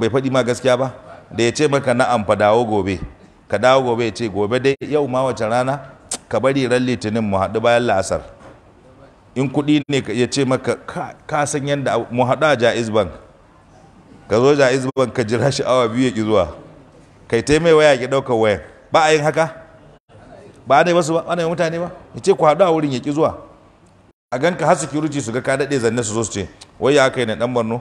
bai faɗi ma gaskiya ba da ya ce maka na'am fa dawo gobe ka dawo gobe ya ce gobe dai yau ma wace rana ka bari ran litinin mu haɗu bayan la'asar in kuɗi ne ya ce maka ka san yadda mu haɗa jaiz bank ka zo jaiz bank ka jira shi awa biyu ya ƙi zuwa kai ta mai waya ya ɗaukar waya? ba a yin haka ba ne wasu ba ana mutane ba ya ce ku haɗu a wurin ya ƙi zuwa a gan ka har kiruci su ga ka daɗe zanne su zo su ce wai ya kai na ɗan barno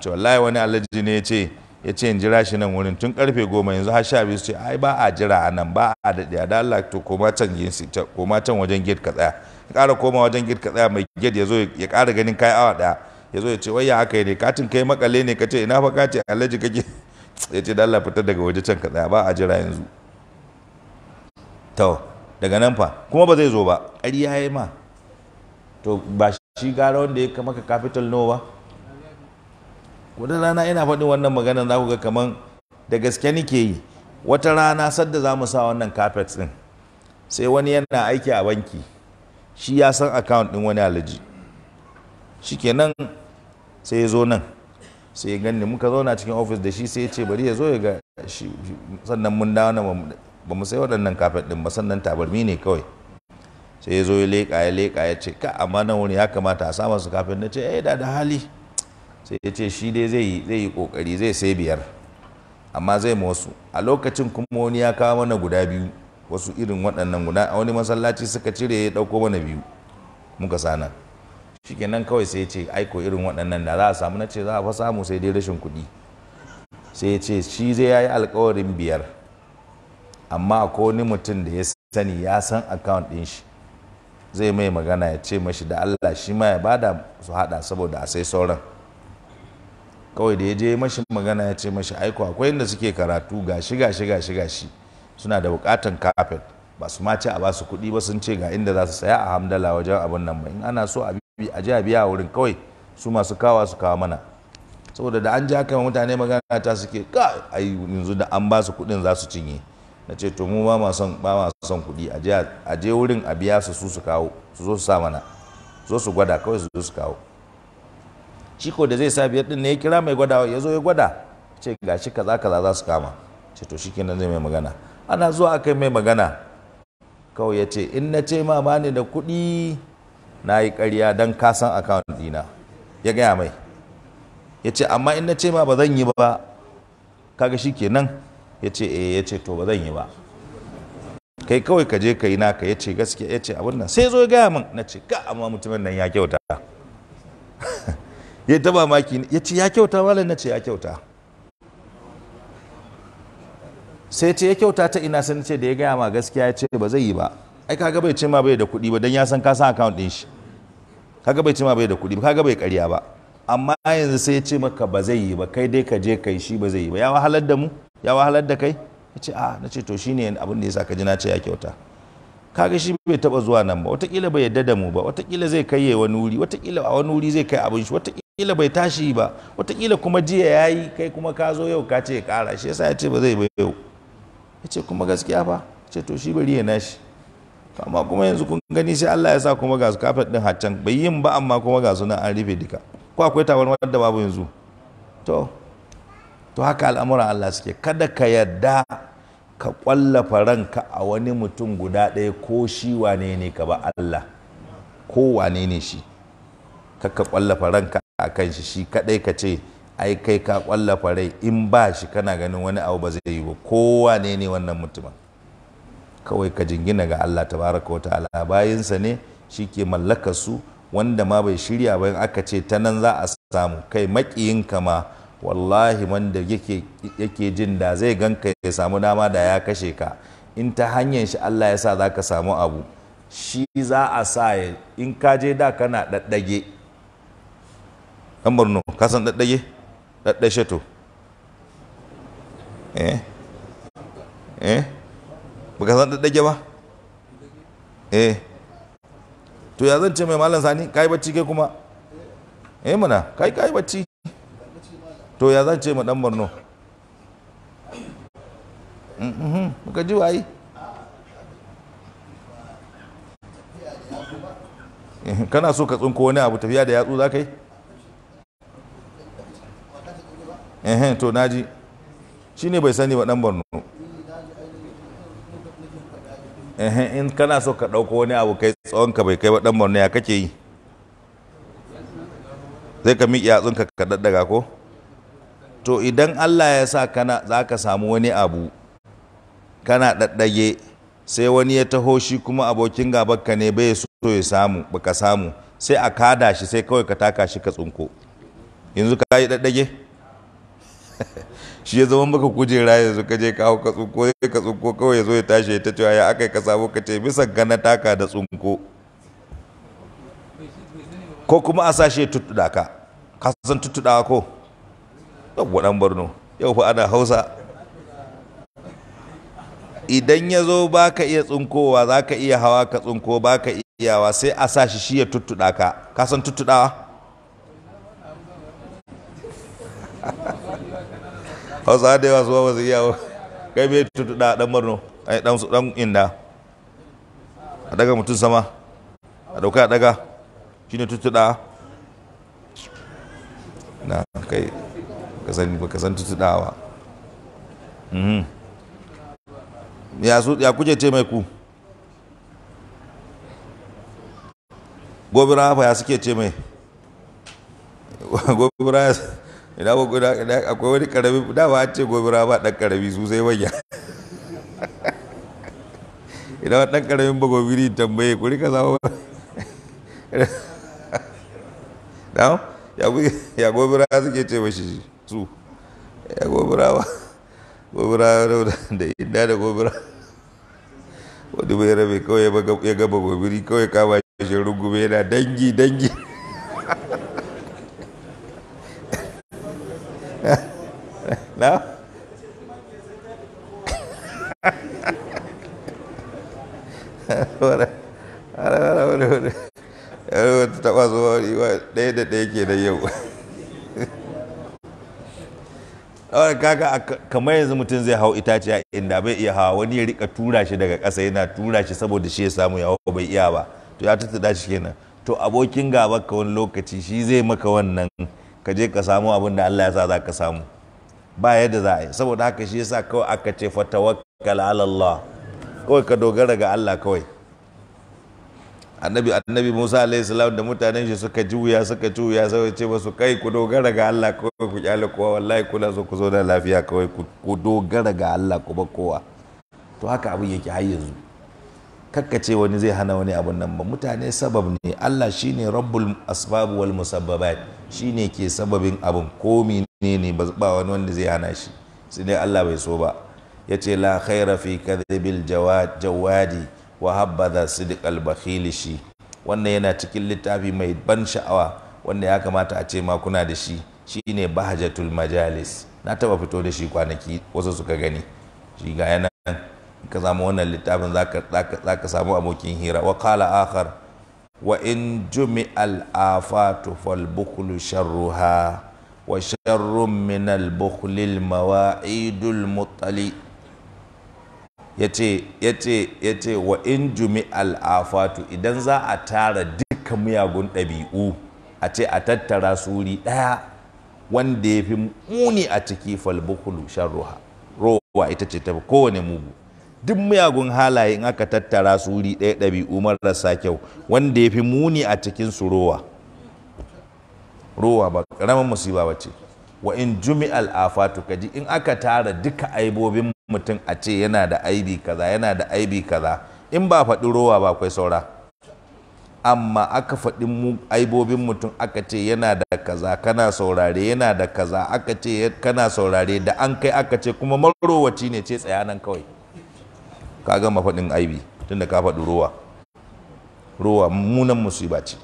ce wallahi wani alhaji ne ya ce ya ce in jira shi nan wurin tun karfe goma yanzu har sha biyu su ce ai ba a jira a nan ba a daɗe a da Allah to koma can wajen gate ka tsaya ƙara koma wajen girka tsaya mai gate ya zo ya ƙara ganin kai awa ɗaya ya zo ya ce wai aka yi ne katin kai makale ne ka ce ina fa kace alhaji kake ya ce dalla fitar daga waje can ka tsaya ba a jira yanzu to daga nan fa kuma ba zai zo ba ƙarya ya yi ma to ba shi gara wanda ya maka capital no ba wata rana ina faɗin wannan magana za ku ga kaman da gaske nike yi wata rana sadda za mu sa wannan carpet ɗin sai wani yana aiki a banki shi ya san account din wani alaji shikenan sai ya zo nan sai ya gani muka zauna cikin ofis da shi sai ya ce bari ya zo ya ga shi sannan mun dawo na ba mu sai waɗannan kafet ɗin ba sannan tabarmi ne kawai sai ya zo ya leƙa ya leƙa ya ce ka amma nan wani ya kamata a samu su kafet na ce eh da da hali sai ya ce shi dai zai yi zai yi kokari zai sai biyar amma zai ma wasu a lokacin kuma wani ya kawo mana guda biyu wasu irin waɗannan guda a wani masallaci suka cire ya ɗauko mana biyu muka sana kenan kawai sai ya ce aiko irin waɗannan da za a samu na ce za a fa samu sai dai rashin kuɗi sai ya ce shi zai ya yi alkawarin biyar amma ko wani mutum da ya sani ya san account ɗin shi zai mai magana ya ce mashi da Allah shi ma ya bada su haɗa saboda a sai sauran kawai da ya je mashi magana ya ce mashi aiko akwai inda suke karatu gashi gashi gashi gashi suna da bukatan kafet ba su mace a ba su kuɗi ba sun ce ga inda za su saya a hamdala wajen abin nan ba in ana so a ji a biya wurin kawai su masu kawa su kawo mana saboda da an ji haka mutane magana ta suke ka ai yanzu da an ba su kuɗin za su cinye na ce to mu ba ma son ba ma son kuɗi a je wurin a biya su su su kawo su zo su sa mana zo su gwada kawai su zo su kawo shi ko da zai sa biyar din ne ya kira mai gwada ya zo ya gwada ce gashi kaza kaza za su kama ce to shikenan zai mai magana ana zuwa aka mai magana kawai ya ce in na ce ma ne da kuɗi na yi ƙarya don kasan akawun dina. ya gaya mai ya ce amma in na ce ma ba zan yi ba kaga shi kenan ya ce eh ya ce to ba zan yi ba kai kawai ka je ka yi naka ya ce gaskiya ya ce abin nan sai zo ya gaya min na ce ka amma mutumin nan ya kyauta ya taba maki ya ce ya kyauta malam na ce ya kyauta sai ce ya kyauta ta ina sai ce da ya gaya ma gaskiya ya ce ba zai yi ba ai kaga bai ce ma bai da kuɗi ba dan ya san ka san account din shi kaga bai ce ma bai da kuɗi ba kaga bai ƙarya ba amma yanzu sai ya ce maka ba zai yi ba kai dai ka je kai shi ba zai yi ba ya wahalar da mu ya wahalar da kai ya ce ah na ce to shine abin da ya sa ka ji na ce ya kyauta kaga shi bai taba zuwa nan ba watakila bai yadda da mu ba watakila zai kai wani wuri watakila a wani wuri zai kai abin shi watakila bai tashi ba watakila kuma jiya yayi kai kuma ka zo yau ka ce ya kara shi yasa ya ce ba zai ba yau ya kuma gaskiya fa ce to shi bari ya nashi amma kuma yanzu kun gani sai Allah ya sa kuma ga kafet din haccan bai yin ba amma kuma ga su nan an rufe duka ko akwai tabarmar da babu yanzu to to haka al'amuran Allah suke kada ka yarda ka kwallafa ranka a wani mutum guda ɗaya ko shi wane ne ka ba Allah ko wane ne shi ka kwallafa ranka a kan shi shi kadai ka ce ai kai ka kwallafa rai in ba shi kana ganin wani abu ba zai yi ba kowa ne ne wannan mutumin kawai ka jingina ga Allah ta tabaraka wa ta'ala bayinsa ne shi ke mallaka su wanda ma bai shirya ba aka ce ta nan za a samu kai makiyin ma wallahi wanda yake jin da zai ganka ya samu dama da ya kashe ka in ta hanyar shi Allah ya sa za ka samu abu shi za a sa in ka je da kana daddage ɗan Borno kasan daddage ɗaɗɗashe to eh eh baka san ɗaɗɗage ba eh to ya zan ce mai malam sani ka yi bacci kai kuma eh mana kai ka yi bacci to ya zan ce ma ɗan mhm mm, mm, mm, baka ji wayi eh, kana so ka tsinko wani abu tafiya da yatsu za ka yi ehen to naji shi ne bai sani ba ɗan borno ehen in kana so ka ɗauko wani abu kai tsawon ka bai kai ba ɗan borno ya kake yi zai ka miƙe yatsunka ka daddaga ko to idan allah ya sa kana za ka samu wani abu kana daddage sai wani ya taho shi kuma abokin gabanka ne bai so ya samu baka samu sai a kada shi sai kawai ka taka shi ka tsunko yanzu ka yi daddage shi ya zama maka kujera yanzu ka je kawo ka tsunko sai ka tsunko kawai ya zo ya tashi ya ta cewa ya yi ka sabo ka ce bisa gana taka da tsunko ko kuma a sashe ya tuttuɗa ka ka san tuttuɗa ko zan barno yau fa ana hausa idan ya zo ba ka iya tsunkowa za ka iya hawa ka tsunko ba ka iyawa sai a sa shi shi ya tuttuɗa ka ka san tuttuɗawa hausa da yawa su ba su kai bai tutu da dan murno ai dan su dan inda a daga mutum sama a dauka a daga ne tutu da na kai kasan san ba tutu da wa mhm. ya su ya kuje ce mai ku gobira fa ya suke ce mai gobira ina ba guda akwai wani karami da ba ce gobira ba dan karami su sai manya ina wani dan karamin ba gobiri tambaye ku rika zama da ya gobira suke ce mashi su ya gobira ba gobira da inda da gobira wani bai rabe kawai ya gaba gobiri kawai kama shi rungume yana dangi dangi na wata taba zuwa ɗaya da ɗaya ke da yau kaga kamar yanzu mutum zai hau itace a inda bai iya hawa wani ya rika tura shi daga ƙasa yana tura shi saboda shi ya samu ya bai iya ba to ya tuttuɗa shi kenan to abokin gaba ka wani lokaci shi zai maka wannan ka je ka samu abin da Allah ya sa za ka samu ba yadda za a yi saboda haka shi yasa kawai aka ce fatawakkal ala Allah kawai ka dogara ga Allah kawai annabi annabi Musa alayhi salam da mutanen shi suka juya suka juya sai ce musu kai ku dogara ga Allah kawai ku kyale kowa wallahi kuna so ku zo da lafiya kawai ku dogara ga Allah ku ba kowa to haka abin yake har yanzu kakkace wani zai hana wani abun nan ba mutane sabab ne Allah shine rabbul asbab wal musabbabat shine ke sababin abun ko ne ba wani wanda zai hana shi sai dai Allah bai so ba yace la khaira fi kadhibil jawad jawadi wa habadha sidqal bakhil shi wannan yana cikin littafi mai ban sha'awa wanda ya kamata a ce ma kuna da shi shine bahajatul majalis na taba fito da shi kwanaki wasu suka gani shi ga yana ka samu wannan littafin za ka samu abokin hira wa kala akhar wa in jumi al'afatu fal bukhlu sharruha wa sharrun min al mawa'idul mutali yace yace wa in jumi al'afatu idan za a tara duka miyagun ɗabi'u a ce a tattara suri ɗaya wanda ya fi muni a ciki fal bukhlu sharruha rowa ita ce ta kowane mugu duk miyagun halaye in aka tattara su wuri ɗaya ɗabi'u marasa kyau wanda ya fi muni a cikin su rowa rowa ba ƙaramin musiba ba ce wa in jumi al'afatu kaji in aka tara duka aibobin mutum a ce yana da aibi kaza yana da aibi kaza in ba faɗi rowa ba akwai saura amma aka faɗi aibobin mutum aka ce yana da kaza kana saurare yana da kaza aka ce kana saurare da an kai aka ce kuma marowaci ne ce tsayanan kawai ka gama faɗin aibi tunda ka faɗi ruwa ruwa munan musiba ce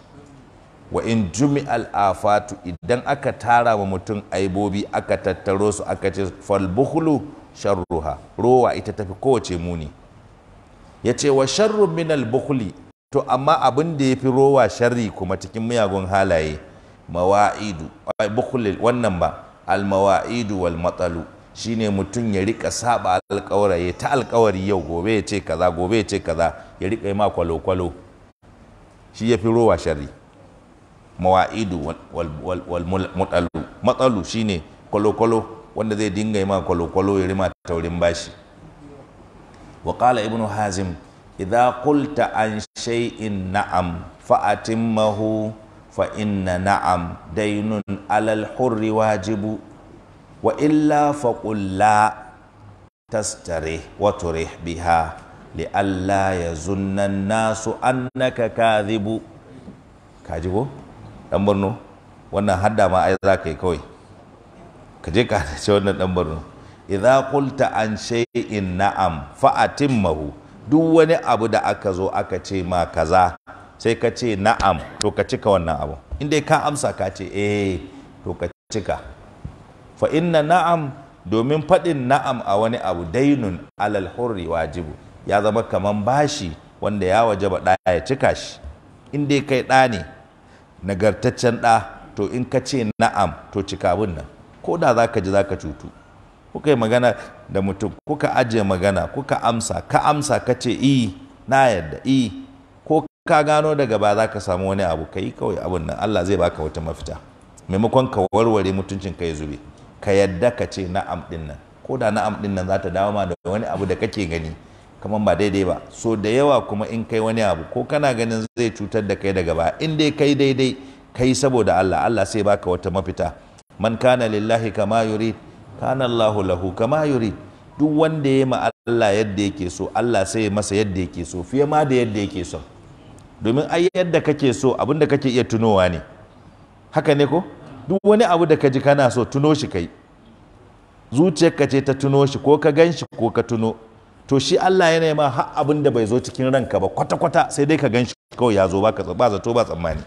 wa in jumi al'afatu idan aka tara wa mutum aibobi aka tattaro su aka ce falbukulu sharruha ruwa ita tafi kowace muni ya ce wa sharru min albukuli to amma abin da ya fi rowa sharri kuma cikin miyagun halaye mawa'idu wannan ba al mawa'idu wal matsalu shine mutum ya rika saba ya ta alƙawari yau gobe ya ce kaza gobe ya ce kaza ya rika yi ma kwalo shi ya fi rowa shari mawa'idu wal matsalu shine kwalo-kwalo wanda zai dinga yi ma kwalo ya rima taurin bashi waƙala qala ibnu hazim idza kulta an shay'in na'am fa atimmahu fa inna na'am daynun alal hurri wajibu wa illa faƙulla tastare wato biha li Allah ya zunnan nasu annaka kadhibu ji ko dan Borno wannan hadda ma ai za ka yi kawai ka je ka ce wannan dan Borno idza qulta an shay'in na'am fa atimmahu duk wani abu da aka zo aka ce ma kaza sai ka ce na'am to ka cika wannan abu in dai ka amsa ka ce eh to ka cika fa inna na'am domin faɗin na'am a wani abu dainun alal hurri wajibu ya zama kamar bashi wanda ya wajaba ɗa ya cika shi in dai kai ɗa ne nagartaccen ɗa to in ka ce na'am to cika nan ko da za ka ji za ka cutu kuka yi magana da mutum kuka ajiye magana kuka amsa ka amsa ka ce i na yadda i ko ka gano daga ba za ka samu wani abu ka yi kawai abin nan Allah zai baka wata mafita maimakon ka warware mutuncin ka ya zube ka yadda ka ce na'am din nan ko da na'am din nan za ta dawo ma da wani abu da kake gani kamar ba daidai ba so da yawa kuma in kai wani abu ko kana ganin zai cutar da kai daga ba in dai kai daidai kai saboda Allah Allah sai baka wata mafita man kana lillahi kama yuri kana Allahu lahu kama yuri duk wanda ya ma Allah yadda yake so Allah sai masa yadda yake so fiye ma da yadda yake so domin ai yadda kake so abinda kake iya tunowa ne haka ne ko duk wani abu da ka ji kana so tuno shi kai zuciyarka ce ta tuno shi ko ka gan shi ko ka tuno to shi Allah yana ma har abin da bai zo cikin ranka ba kwata-kwata sai dai ka gan shi kawai ya zo ba ka ba zato ba tsammani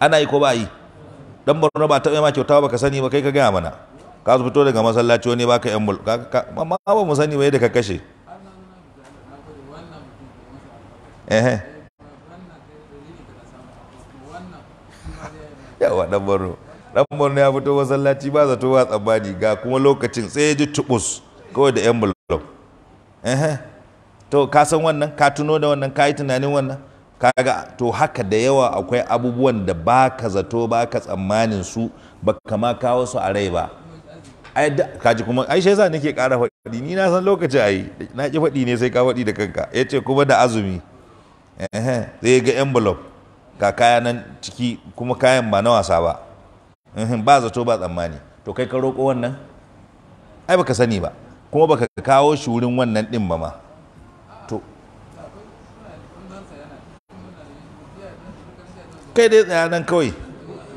ana yi ko ba yi dan Borno ba ta ma kyauta ba ka sani ba kai ka gaya mana ka fito daga masallaci wani baka yan mul amma ba mu sani ba yadda ka kashe eh yawa dan borno dan borno ya fito masallaci ba zato ba tsammani ga kuma lokacin sai ya ji tubus kawai da yan eh to ka san wannan ka tuno da wannan ka yi tunanin wannan kaga to haka da yawa akwai abubuwan da ba ka zato ba ka tsammanin su ba kama kawo su a rai ba kaji kuma ai shi yasa nake ƙara faɗi ni na san lokaci ayi na ki faɗi ne sai ka faɗi da kanka yace kuma da azumi eh sai ga envelope ga kaya nan ciki kuma kayan ba na wasa ba ba zato ba tsammani to kai ka roƙo wannan ai baka sani ba kuma baka kawo shi wurin wannan din ba ma to kai dai tsaya nan kawai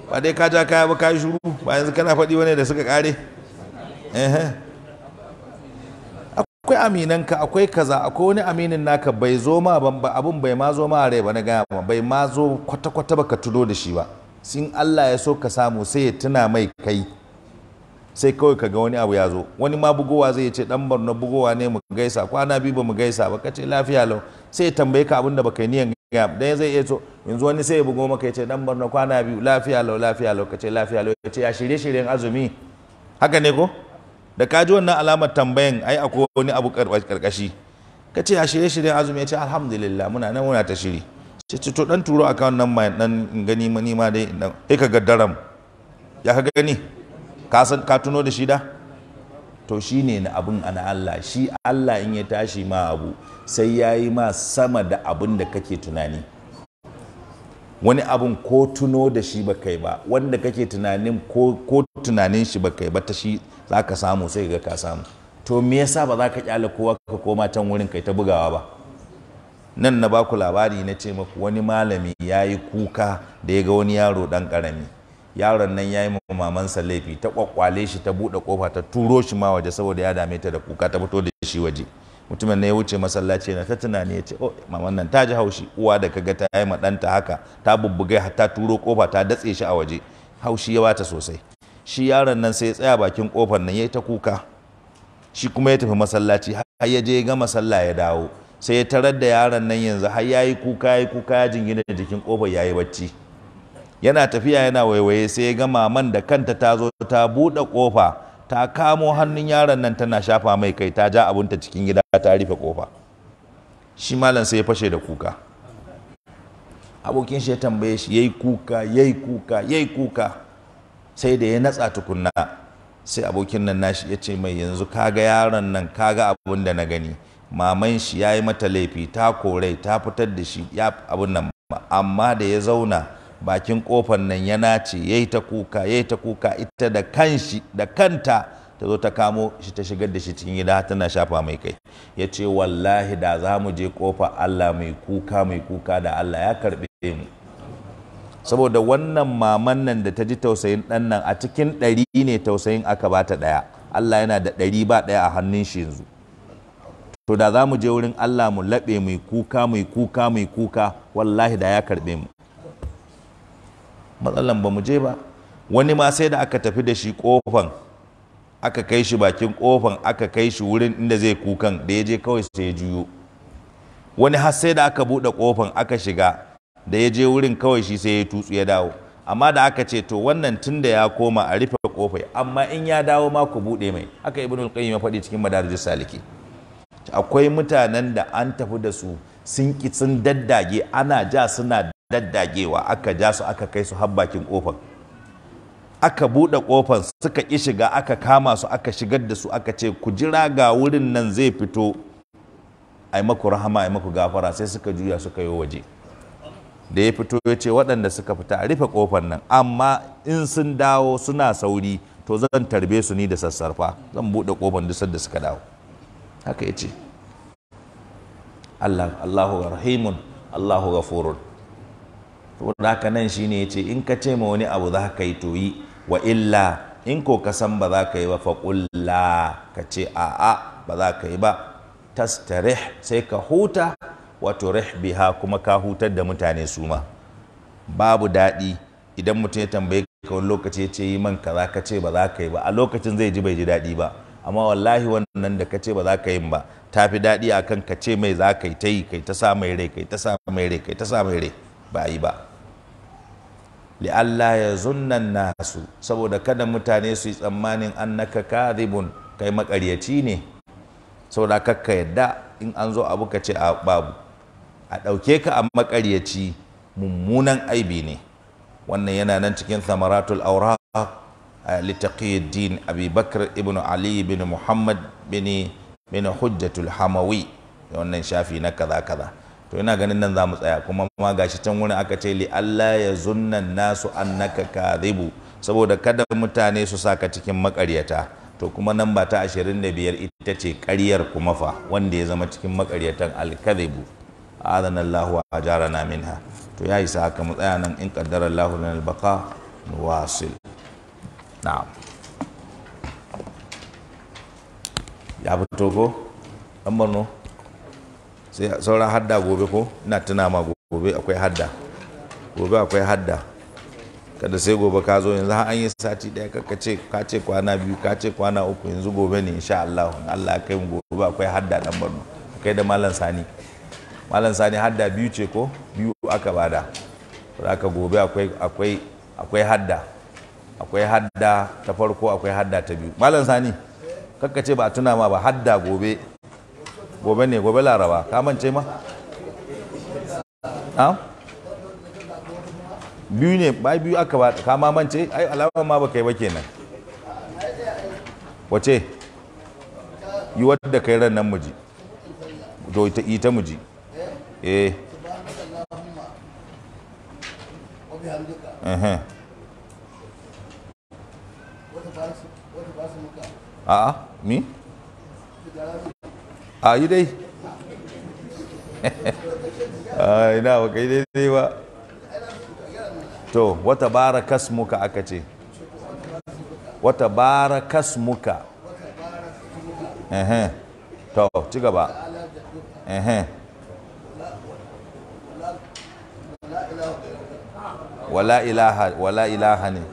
ba dai ka ja kaya ba ka yi shuru ba yanzu kana faɗi wani da suka ƙare akwai aminanka akwai kaza akwai wani aminin naka bai zo ma ba abun bai ma zo ma rai ba na gaya ma bai ma zo kwata-kwata ba ka tudo da shi ba sin Allah ya so ka samu sai ya tuna mai kai sai kawai ka ga wani abu ya zo wani ma bugowa zai ce dan barna bugowa ne mu gaisa kwana biyu ba mu gaisa ba kace lafiya lau sai ya tambaye ka abin da baka niyan gaya dan zai iya so yanzu wani sai ya bugo maka ya ce dan barna kwana biyu lafiya lau lafiya lau kace lafiya lau ya ce ya shirye shiryen azumi haka ne ko da ka ji wannan alamar tambayan ai akwai wani abu karkashi ka ce a shirye-shiryen azumi ya ce alhamdulillah muna nan muna ta shiri ce ce to dan turo akawun nan mai dan gani mani ma dai dan sai ka gaddaram ya ka gani ka san ka tuno da shi da to shine na abun ana Allah shi Allah in ya tashi ma abu sai yayi ma sama da abin da kake tunani wani abun ko tuno da shi ba kai ba wanda kake tunanin ko tunanin shi ba kai ba ta shi za ka samu sai ga ka samu to me yasa ba za ka kyale kowa ka koma can wurin kai ta bugawa ba nan na baku labari na ce maku wani malami ya yi kuka da ya ga wani yaro dan karami yaron nan ya yi mamansa laifi ta kwakwale shi ta buɗe kofa ta turo shi ma waje saboda ya dame ta da kuka ta fito da shi waje mutumin ne ya wuce masallaci na ta tunani ya ce oh maman nan ta ji haushi uwa da kaga ta yi ɗanta haka ta bubbuge har ta turo kofa ta datse shi a waje haushi ya bata sosai shi yaron nan sai ya tsaya bakin kofar nan ya ta kuka shi kuma ya tafi masallaci har ya je ga masalla ya dawo sai ya tarar da yaron nan yanzu har ya yi kuka ya yi kuka ya jingina da jikin kofar ya yi bacci yana tafiya yana waiwaye sai ya ga maman da kanta ta zo ta buɗe kofa ta kamo hannun yaron nan tana shafa mai kai ta ja abunta cikin gida ta rufe kofa shi malam sai ya fashe da kuka abokin shi ya tambaye shi yayi kuka yayi kuka yayi kuka sai da ya natsa tukunna sai abokin nan nashi ya ce mai yanzu kaga yaron nan kaga abun da na gani maman shi ya yi mata laifi ta korai ta fitar da shi ya abun nan amma da ya zauna bakin kofar nan ya nace yayi ta kuka yayi ta kuka ita da kanshi da kanta ta zo ta kamo shi ta shigar da shi cikin gida tana shafa mai kai ya ce wallahi da za mu je kofa Allah mai kuka mai kuka da Allah ya karɓe mu saboda wannan maman nan da ta ji tausayin ɗan nan a cikin ɗari ne tausayin aka ba ta ɗaya Allah yana da ɗari ba ɗaya a hannun shi yanzu to da za mu je wurin Allah mu laɓe mai kuka mai kuka mai kuka wallahi da ya karɓe mu matsalan ba mu je ba wani ma sai da aka tafi da shi kofan aka kai shi bakin kofan aka kai shi wurin inda zai kukan da ya je kawai sai ya juyo wani har sai da aka buɗe kofan aka shiga da ya je wurin kawai shi sai ya tutsu ya dawo amma da aka ce to wannan tun da ya koma a rufe kofai amma in ya dawo ma ku buɗe mai haka ibnul qayyim ya faɗi cikin madarijus salike akwai mutanen da an tafi da su sun ki sun daddage ana ja suna daddagewa aka ja su aka kai su har bakin kofar aka buɗe kofar suka ki shiga aka kama su aka shigar da su aka ce ku jira ga wurin nan zai fito ai maku rahama ai maku gafara sai suka juya suka yi waje da ya fito ya ce waɗanda suka fita a rufe kofar nan amma in sun dawo suna sauri to zan tarbe su ni da sassarfa zan buɗe kofar duk da suka dawo haka ya ce Allah Allahu rahimun Allahu ghafurun saboda haka nan shine yace in ka ce ma wani abu za ka yi to yi wa illa in ko ka san ba za ka yi ba fa ka ce a'a ba za ka yi ba tastarih sai ka huta wato biha kuma ka hutar da mutane su ma babu daɗi idan mutum ya tambaye ka wani lokaci ya ce yi man kaza ka ce ba za ka yi ba a lokacin zai ji bai ji daɗi ba amma wallahi wannan da ka ce ba za ka yi ba ta fi daɗi a kan ka ce mai za ka yi ta yi kai ta sa mai rai kai ta sa mai rai kai ta sa mai rai ba yi ba li'alla ya zunnan nasu saboda kada mutane su yi tsammanin annaka kadhibun kai makaryaci ne saboda kakka yadda in an zo abu ka ce a babu a ɗauke ka a makaryaci mummunan aibi ne wannan yana nan cikin samaratul aura a littaqiyyar din abubakar ibn ali bin muhammad bin min hujjatul hamawi wannan shafi na kaza kaza to ina ganin nan za mu tsaya kuma ma gashi can wurin aka ce li Allah ya zunna nasu annaka kadhibu saboda kada mutane su saka cikin makaryata to kuma nan ba ta 25 ita ce ƙaryar kuma fa wanda ya zama cikin makaryatan alkadhibu adana Allah wa ajarana minha to ya sa aka mu tsaya nan in qaddara Allah lana albaqa nuwasil na'am ya fito ko an borno sai sauran hadda gobe ko ina tuna ma gobe akwai hadda gobe akwai hadda kada sai gobe ka zo yanzu an yi sati daya kaka ce ka ce kwana biyu ka ce kwana uku yanzu gobe ne insha Allah Allah kai mu gobe akwai hadda ɗan borno kai da malam sani malam sani hadda biyu ce ko biyu aka bada haka gobe akwai akwai akwai hadda akwai hadda ta farko akwai hadda ta biyu malam sani kakka ce ba tuna ma ba hadda gobe gobe ne gobe laraba ka mance ma ah? biyu ne ba biyu aka ba ka ma mance ai alamar ma baka yi ba kenan wace yi wadda kai ran nan muji to ita ita muji eh a'a mi a ah, yi dai a ah, ina ba kai daidai ba to wata bara kasmuka aka ce wata bara kasmuka to ci gaba wala ilaha wala ilaha ne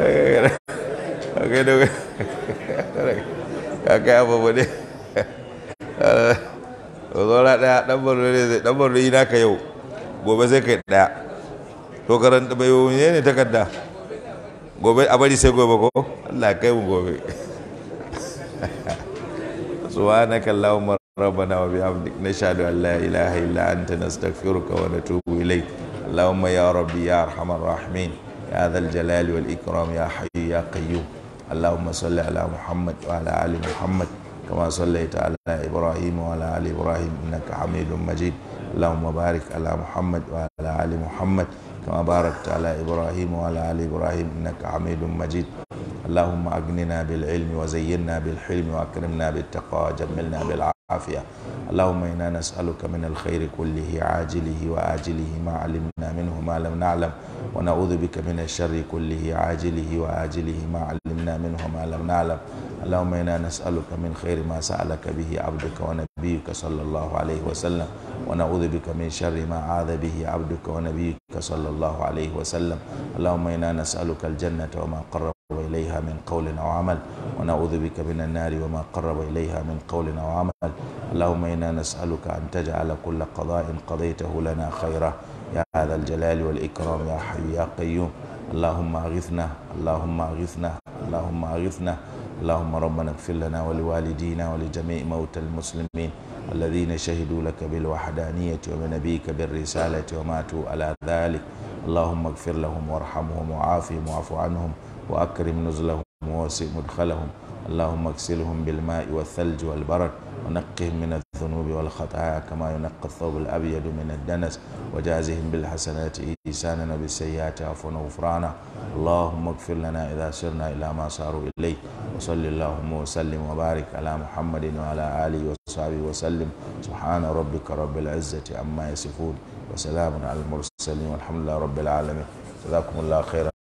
kai da ka kai abu ba ne zora ɗaya ɗan barno ne zai ɗan barno yi naka yau gobe sai kai ɗaya to karanta bai yi ne takarda gobe a bari sai gobe ko Allah kai mu gobe subhanaka allahumma rabbana wa bihamdik nashhadu an la ilaha illa anta nastaghfiruka wa natubu ilayk allahumma ya rabbi ya arhamar rahimin يا ذا الجلال والإكرام يا حي يا قيوم اللهم صل على محمد وعلى آل محمد كما صليت على إبراهيم وعلى آل إبراهيم إنك حميد مجيد اللهم بارك على محمد وعلى آل محمد كما باركت على إبراهيم وعلى آل إبراهيم إنك حميد مجيد اللهم أغننا بالعلم وزينا بالحلم وأكرمنا بالتقوى وجملنا بالعلم عافية اللهم إنا نسألك من الخير كله عاجله وآجله ما علمنا منه ما لم نعلم ونعوذ بك من الشر كله عاجله وآجله ما علمنا منه ما لم نعلم اللهم إنا نسألك من خير ما سألك به عبدك ونبيك صلى الله عليه وسلم ونعوذ بك من شر ما عاذ به عبدك ونبيك صلى الله عليه وسلم اللهم إنا نسألك الجنة وما قرب إليها من قول أو عمل ونعوذ بك من النار وما قرب إليها من قول أو عمل اللهم إنا نسألك أن تجعل كل قضاء قضيته لنا خيرا يا هذا الجلال والإكرام يا حي يا قيوم اللهم أغثنا اللهم أغثنا اللهم أغثنا اللهم ربنا اغفر لنا ولوالدينا ولجميع موتى المسلمين الذين شهدوا لك بالوحدانية وبنبيك بالرسالة وماتوا على ذلك اللهم اغفر لهم وارحمهم وعافهم واعف عنهم وأكرم نزلهم ووسع مدخلهم اللهم اغسلهم بالماء والثلج والبرد ونقهم من الذنوب والخطايا كما ينقى الثوب الأبيض من الدنس وجازهم بالحسنات إيسانا بالسيئات عفوا وغفرانا اللهم اغفر لنا إذا سرنا إلى ما صاروا إليه وصل اللهم وسلم وبارك على محمد وعلى آله وصحبه وسلم سبحان ربك رب العزة عما يصفون وسلام على المرسلين والحمد لله رب العالمين جزاكم الله خيرا